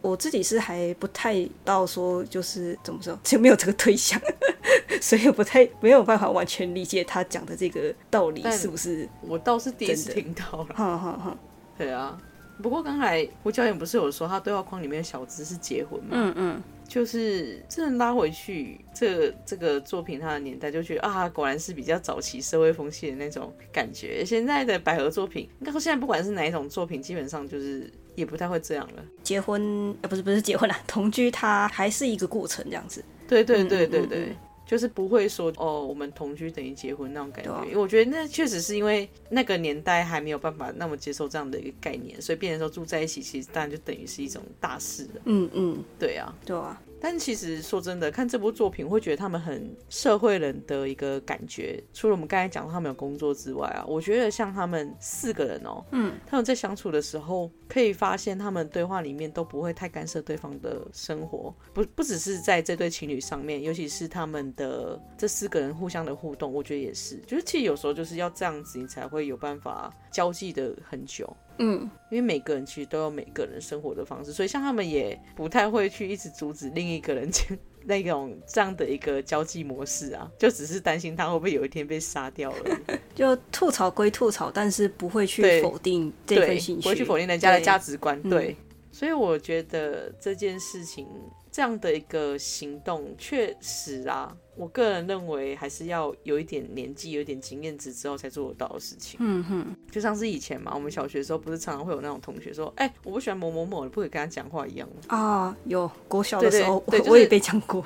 我自己是還不太到說就是怎麼說就沒有這個對象， 所以我不太沒有辦法完全理解他講的這個道理是不是？我倒是第一次聽到了，哈哈哈。對啊，不過剛才胡教員不是有說他對話框裡面的小芝是結婚嗎？嗯嗯，就是真的拉回去這個、這個作品它的年代就覺得啊，果然是比較早期社會風氣的那種感覺。現在的百合作品，應該說現在不管是哪一種作品，基本上就是也不太會這樣了。結婚啊，不是不是結婚了、啊，同居它還是一個過程這樣子。對對對對對，對。嗯嗯嗯嗯就是不會說哦，我們同居等於結婚那種感覺，因為、對啊、我覺得那確實是因為那個年代還沒有辦法那麼接受這樣的一個概念，所以變成說住在一起，其實當然就等於是一種大事了。嗯嗯，對啊，對啊。但其實說真的，看這部作品會覺得他們很社會人的一個感覺。除了我們剛才講他們有工作之外啊，我覺得像他們四個人哦、喔，嗯，他們在相處的時候，可以發現他們對話裡面都不會太干涉對方的生活，不不只是在這對情侶上面，尤其是他們的這四個人互相的互動，我覺得也是。就是其實有時候就是要這樣子，你才會有辦法交際的很久。嗯，因為每個人其實都有每個人生活的方式，所以像他們也不太會去一直阻止另一個人那種這樣的一個交際模式啊，就只是擔心他會不會有一天被殺掉了。 就吐槽歸吐槽，但是不會去否定這份興趣，不會去否定人家的價值觀。對，對、嗯，所以我覺得這件事情這樣的一個行動，確實啊。我個人認為，還是要有一點年紀、有一點經驗值之後才做得到的事情。嗯哼、嗯，就像是以前嘛，我們小學的時候，不是常常會有那種同學說：“哎、欸，我不喜歡某某某的，不可以跟他講話。”一樣啊，有國小的時候，對對對就是、我也被講過，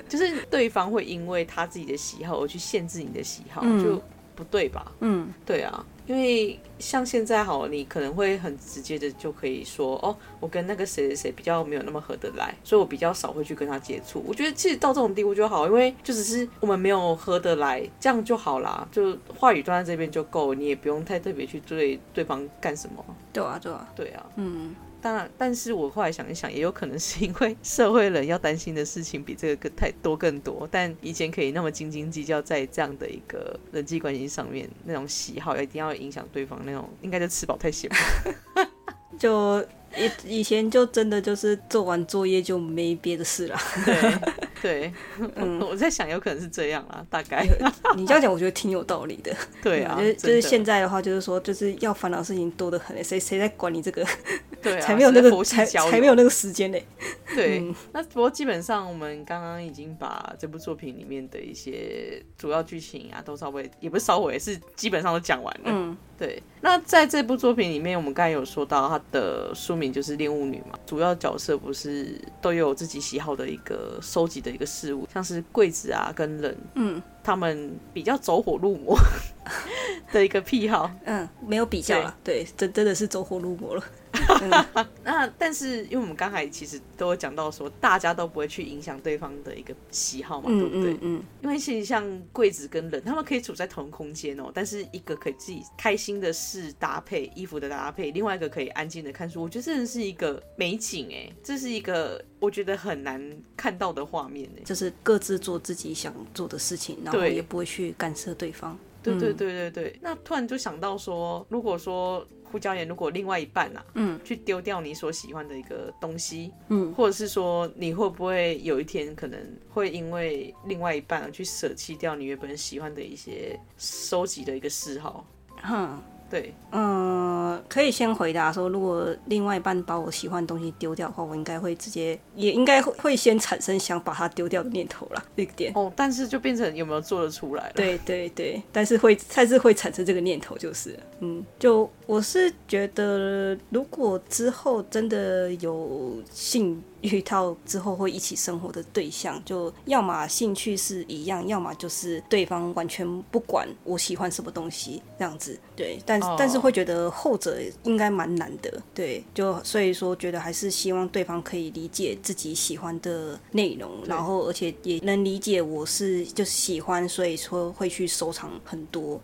就是對方會因為他自己的喜好而去限制你的喜好，嗯、就不對吧？嗯，對啊。因為像現在好，你可能會很直接的就可以說哦，我跟那個誰誰誰比較沒有那麼合得來，所以我比較少會去跟他接觸。我覺得其實到這種地步就好，因為就只是我們沒有合得來，這樣就好啦。就話語端在這邊就夠，你也不用太特別去對對方幹什麼。對啊，對啊，對啊，嗯。當然，但是我後來想一想，也有可能是因為社會人要擔心的事情比這個更太多更多。但以前可以那麼斤斤計較在這樣的一個人際關係上面，那種喜好一定要影響對方，那種應該就吃飽太閒，就以以前就真的就是做完作業就沒別的事了。對，對我，嗯，我在想有可能是這樣了，大概。你這樣講，我覺得挺有道理的。對啊，就，就是現在的話就，就是說就是要煩惱的事情多得很，誰誰在管你這個？對、啊，才沒有那個才才沒有那個時間嘞、欸。對、嗯，那不過基本上我們剛剛已經把這部作品裡面的一些主要劇情啊，都稍微也不是稍微，是基本上都講完了。嗯，對。那在這部作品裡面，我們剛才有說到它的書名就是《戀物女》嘛，主要角色不是都有自己喜好的一個收集的一個事物，像是櫃子啊跟人。嗯，他們比較走火入魔的一個癖好。嗯，沒有比較了、啊。對，真真的是走火入魔了。 嗯、 那但是，因為我們剛才其實都有講到說，大家都不會去影響對方的一個喜好嘛，對不對？嗯。嗯嗯因為其實像櫃子跟人，他們可以處在同空間哦、喔，但是一個可以自己開心的試搭配衣服的搭配，另外一個可以安靜的看書。我覺得這是一個美景哎、欸，這是一個我覺得很難看到的畫面、欸、就是各自做自己想做的事情，然後也不會去干涉對方。對、嗯、對對對對。那突然就想到說，如果說。不教鹽，如果另外一半啊，嗯，去丟掉你所喜歡的一個東西，嗯，或者是說你會不會有一天可能會因為另外一半而、啊、去捨棄掉你原本喜歡的一些收集的一個嗜好？嗯對，嗯，可以先回答說，如果另外一半把我喜歡的東西丟掉的話，我應該會直接，也應該會會先產生想把它丟掉的念頭啦，那個點。哦，但是就變成有沒有做得出來了？對對對，但是會，但是會產生這個念頭，就是，嗯，就我是覺得，如果之後真的有幸。遇到之後會一起生活的對象，就要麼興趣是一樣，要麼就是對方完全不管我喜歡什麼東西這樣子。對，但是、oh. 但是會覺得後者應該蠻難得。對，就所以說覺得還是希望對方可以理解自己喜歡的內容，然後而且也能理解我是就是喜歡，所以說會去收藏很多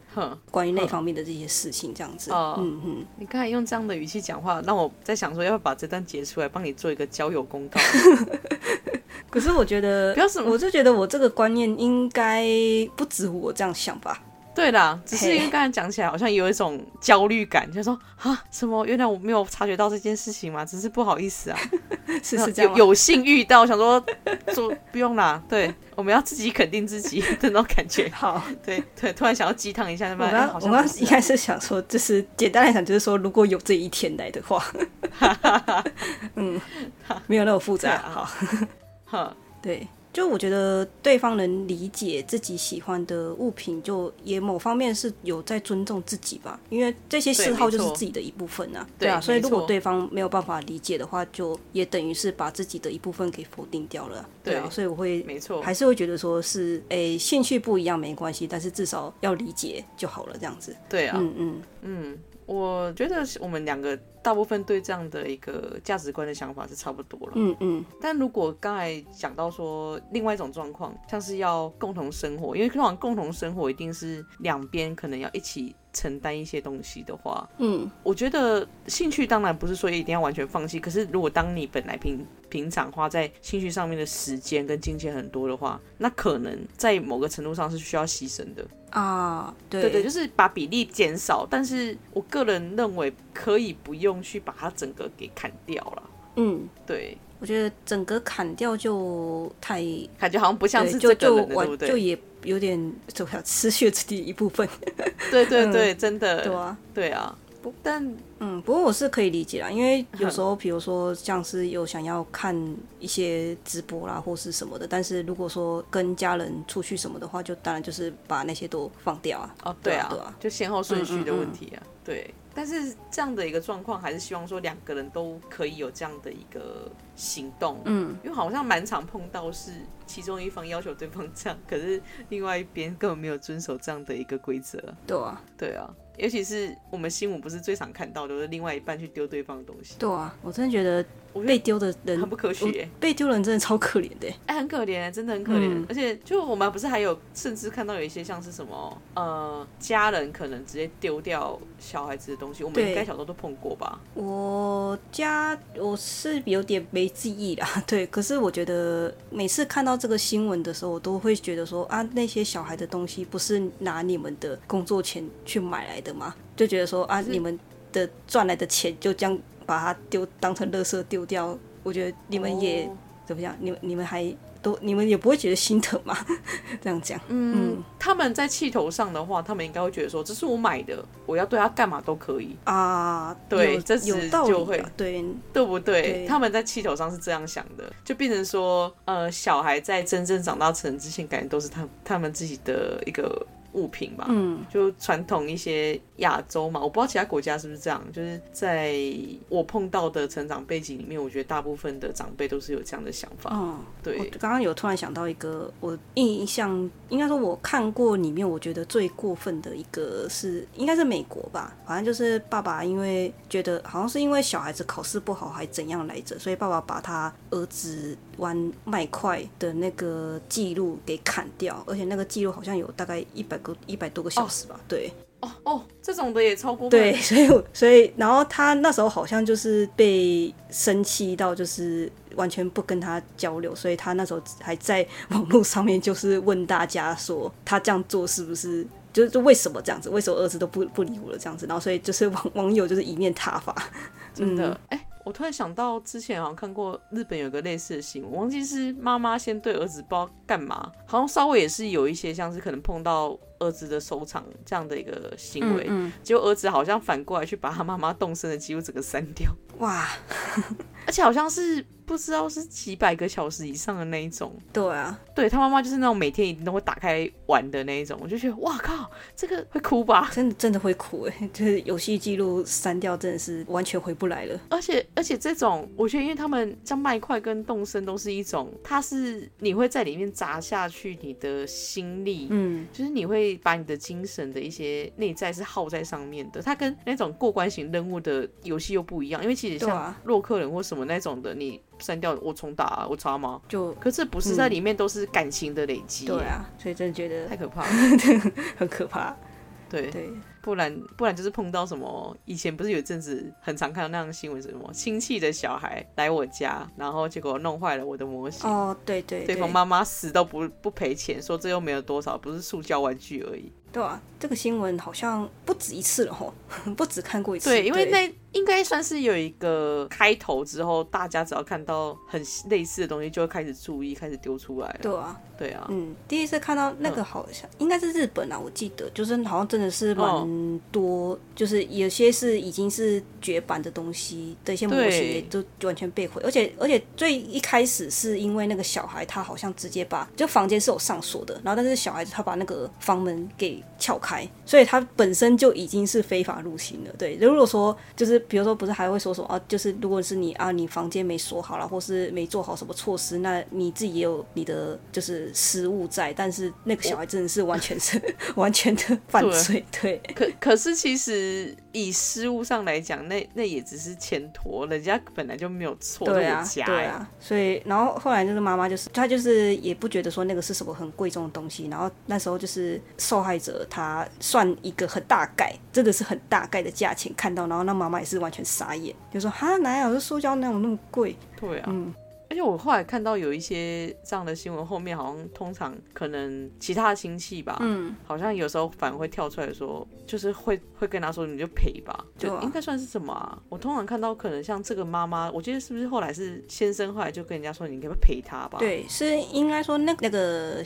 關於那方面的這些事情這樣子。Oh. 嗯嗯，你剛才用這樣的語氣講話，那我在想說要不要把這段截出來，幫你做一個交友工作。 可是我覺得，不要是，我就覺得我這個觀念應該不止我這樣想吧。對啦，只是因為剛才講起來好像有一種焦慮感，hey. 就是說啊，什麼？原來我沒有察覺到這件事情嘛。只是不好意思啊， 是是，這樣。有幸遇到，想說說不用啦。對，我們要自己肯定自己的那種感覺。好，對對，突然想要雞湯一下，那我剛、欸啊、我剛一開始想說，就是簡單來講，就是說，如果有這一天來的話。哈哈哈，嗯，沒有那麼複雜哈， 對，啊、 對，就我覺得對方能理解自己喜歡的物品，就也某方面是有在尊重自己吧。因為這些嗜好就是自己的一部分啊。對。對啊，所以如果對方沒有辦法理解的話，就也等於是把自己的一部分給否定掉了。對啊，所以我會沒錯，還是會覺得說是，哎、欸，興趣不一樣沒關係，但是至少要理解就好了，這樣子。對啊，嗯嗯嗯。嗯我覺得我們兩個大部分對這樣的一個價值觀的想法是差不多了。嗯嗯，但如果剛才講到說另外一種狀況，像是要共同生活，因為通常共同生活一定是兩邊可能要一起。承擔一些東西的話，嗯，我覺得興趣當然不是說一定要完全放棄。可是，如果當你本來平平常花在興趣上面的時間跟金錢很多的話，那可能在某個程度上是需要犧牲的啊對。對對，就是把比例減少。但是我個人認為可以不用去把它整個給砍掉了。嗯，對，我覺得整個砍掉就太感覺好像不像是這個人的，對不對？就也。有點走下失去自己一部分， 對對對，真的，嗯，對啊，對啊，不但，但嗯，不過我是可以理解啊，因為有時候比如說像是有想要看一些直播啦或是什麼的，但是如果說跟家人出去什麼的話，就當然就是把那些都放掉啊，哦，對啊，對啊對啊，就先後順序的問題啊，嗯嗯嗯對。但是這樣的一個狀況，還是希望說兩個人都可以有這樣的一個行動，嗯，因為好像蠻常碰到是其中一方要求對方這樣，可是另外一邊根本沒有遵守這樣的一個規則。對啊，對啊，尤其是我們新聞不是最常看到的，就是另外一半去丟對方的東西。對啊，我真的覺得。被丟的人很不科學、欸嗯，被丟人真的超可憐的、欸，哎、欸，很可憐，真的很可憐、嗯。而且，就我們不是還有，甚至看到有一些像是什麼，呃，家人可能直接丟掉小孩子的東西。我們應該小時候都碰過吧？我家我是有點沒記憶啦，對。可是我覺得每次看到這個新聞的時候，我都會覺得說啊，那些小孩的東西不是拿你們的工作錢去買來的嗎？就覺得說啊，你們的賺來的錢就將……把它丟當成垃圾丟掉，我覺得你們也、oh. 怎麼樣？你們你們還都你們也不會覺得心疼嗎？ 這樣講、嗯，嗯，他們在氣頭上的話，他們應該會覺得說這是我買的，我要對他幹嘛都可以、uh, 啊。對，這有道理，對，對不對？對，他們在氣頭上是這樣想的，就變成說，呃，小孩在真正長大成人之前，感覺都是他他們自己的一個。物品吧，嗯，就傳統一些亞洲嘛，我不知道其他國家是不是這樣，就是在我碰到的成長背景裡面，我覺得大部分的長輩都是有這樣的想法，嗯、哦，對。剛剛有突然想到一個，我印象應該說我看過裡面，我覺得最過分的一個是應該是美國吧，反正就是爸爸因為覺得好像是因為小孩子考試不好還怎樣來着，所以爸爸把他兒子玩麥塊的那個記錄給砍掉，而且那個記錄好像有大概一百個一百多個小時吧。哦、對，哦哦，這種的也超過。對，所以所以，然後他那時候好像就是被生氣到，就是完全不跟他交流，所以他那時候還在網絡上面就是問大家說，他這樣做是不是就是就為什麼這樣子？為什麼兒子都不不理我了這樣子？然後所以就是網友就是一面撻伐，真的哎。嗯欸我突然想到，之前好像看過日本有個類似的新聞，忘記是媽媽先對兒子不知道幹嘛，好像稍微也是有一些像是可能碰到。兒子的收藏這樣的一個行為，嗯嗯、結果兒子好像反過來去把他媽媽動森的記錄整個刪掉。哇！ 而且好像是不知道是幾百個小時以上的那一種。對啊，對他媽媽就是那種每天一定都會打開玩的那一種。我就覺得哇靠，這個會哭吧？真的真的會哭哎、欸！就是遊戲記錄刪掉，真的是完全回不來了。而且而且這種，我覺得因為他們像麥塊跟動森都是一種，它是你會在裡面砸下去你的心力，嗯，就是你會。把你的精神的一些內在是耗在上面的，它跟那種過關型任務的遊戲又不一樣，因為其實像洛克人或什麼那種的，你刪掉我重打我插嗎？就可是不是在裡面都是感情的累積，嗯，對啊，所以真的覺得太可怕了， 很可怕，對。對不然不然就是碰到什麼，以前不是有一陣子很常看到那樣的新聞，什麼親戚的小孩來我家，然後結果弄壞了我的模型。哦，對對對，對方媽媽死都不不賠錢，說這又沒有多少，不是塑膠玩具而已。對啊，這個新聞好像不止一次了吼，不止看過一次。對，對因為那。應該算是有一個開頭之後，大家只要看到很類似的東西，就會開始注意，開始丟出來。對啊，對啊。嗯，第一次看到那個好像、嗯、應該是日本啊，我記得就是好像真的是蠻多、哦，就是有些是已經是絕版的東西的一些模型也都完全被毀，而且而且最一開始是因為那個小孩他好像直接把就房間是有上鎖的，然後但是小孩子他把那個房門給撬開，所以他本身就已經是非法入侵了。對，如果說就是。比如說，不是還會說什麼啊？就是如果是你啊，你房間沒鎖好了，或是沒做好什麼措施，那你自己也有你的就是失誤在。但是那個小孩真的是完全是完全的犯罪，對。對，可可是其實以失誤上來講，那那也只是欠妥，人家本來就沒有錯，對啊家，對啊。所以然後後來那個媽媽就是，她就是也不覺得說那個是什麼很貴重的東西。然後那時候就是受害者，他算一個很大概，真的是很大概的價錢看到，然後那媽媽也。是完全傻眼，就是、說哈哪有，這是塑膠哪有那麼貴？對啊，嗯。而且我後來看到有一些這樣的新聞，後面好像通常可能其他親戚吧，嗯，好像有時候反而會跳出來說，就是會會跟他說，你就賠吧，就應該、啊欸、算是什麼啊？我通常看到可能像這個媽媽，我記得是不是後來是先生後來就跟人家說，你可不可以陪他吧？對，是應該說那那個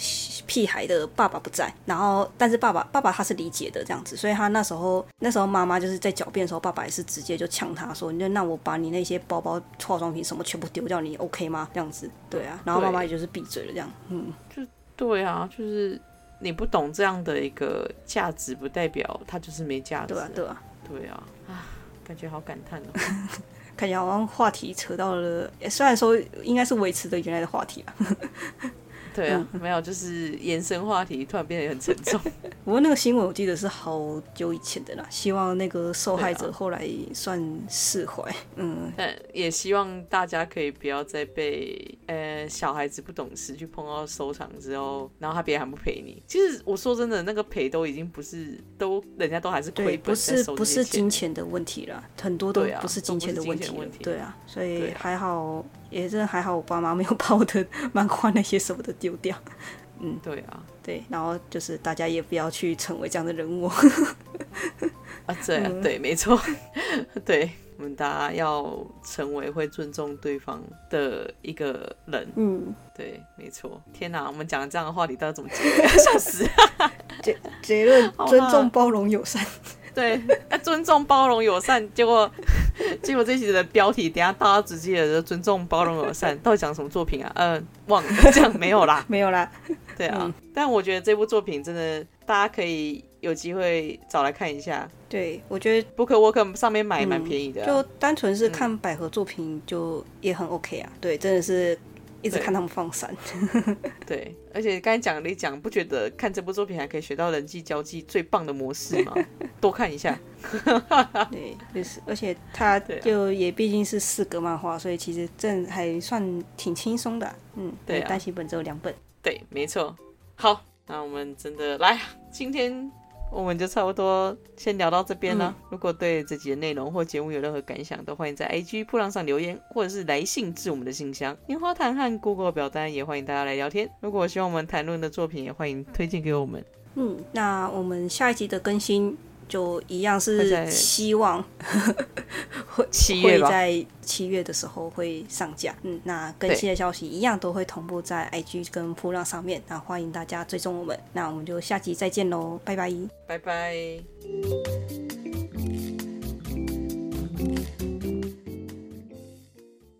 屁孩的爸爸不在，然後但是爸爸爸爸他是理解的這樣子，所以他那時候那時候媽媽就是在狡辯的時候，爸爸也是直接就嗆他說，那那我把你那些包包、化妝品什麼全部丟掉，你 OK 嗎？嘛，這樣子，對啊，然後媽媽也就是閉嘴了，這樣，嗯，就對啊，就是你不懂這樣的一個價值，不代表他就是沒價值。對啊，對啊，對啊，啊，感覺好感嘆看、喔、 感覺好像話題扯到了，雖然說應該是維持的原來的話題。 對啊、嗯，沒有，就是延伸話題，突然變得也很沉重。不 過那個新聞我記得是好久以前的啦，希望那個受害者後來算釋懷、啊。嗯，但也希望大家可以不要再被呃小孩子不懂事去碰到收藏之後，然後他別人還不賠你。其實我說真的，那個賠都已經不是都。人家都還是虧，不是不是金錢的問題啦，很多都不是金錢的問題，對啊、都不是金錢的問題，對啊，所以還好，啊、也是還好，我爸媽沒有把我的漫畫那些什麼的丟掉，嗯，對啊，對，然後就是大家也不要去成為這樣的人物呵呵啊，這樣、啊對,嗯、對，沒錯，對。我們大家要成為會尊重對方的一個人。嗯，對，沒錯。天哪、啊，我們講這樣的話，你到底怎麼笑死結？兩個小時。結結論：尊重、包容、友善。對，啊，尊重、包容、友善。 結果，結果這期的標題，等下大家只記得尊重、包容、友善，到底講什麼作品啊？嗯、呃，忘了，這樣沒有啦，沒有啦。對啊、嗯，但我覺得這部作品真的，大家可以。有機會找來看一下，對我覺得 BookWalker、嗯、er 上面買蠻便宜的、啊，就單純是看百合作品就也很 OK 啊，嗯、對，真的是一直看他們放閃。對, 對，而且剛才講了一講，不覺得看這部作品還可以學到人際交際最棒的模式嗎？ 多看一下， 對，也、就是，而且他就也畢竟是四格漫畫，所以其實這還算挺輕鬆的、啊，嗯，對、啊，單行本只有兩本，對，沒錯，好，那我們真的來今天。我們就差不多先聊到這邊了。嗯、如果對這集的內容或節目有任何感想，都歡迎在 IG 噗浪上留言，或者是來信致我們的信箱。棉花糖和 Google 表單也歡迎大家來聊天。如果希望我們談論的作品，也歡迎推薦給我們。嗯，那我們下一集的更新。就一樣是希望會在 會在七月的時候會上架，嗯，那更新的消息一樣都會同步在 IG 跟噗浪上面，那歡迎大家追蹤我們，那我們就下集再見嘍，拜拜，拜拜。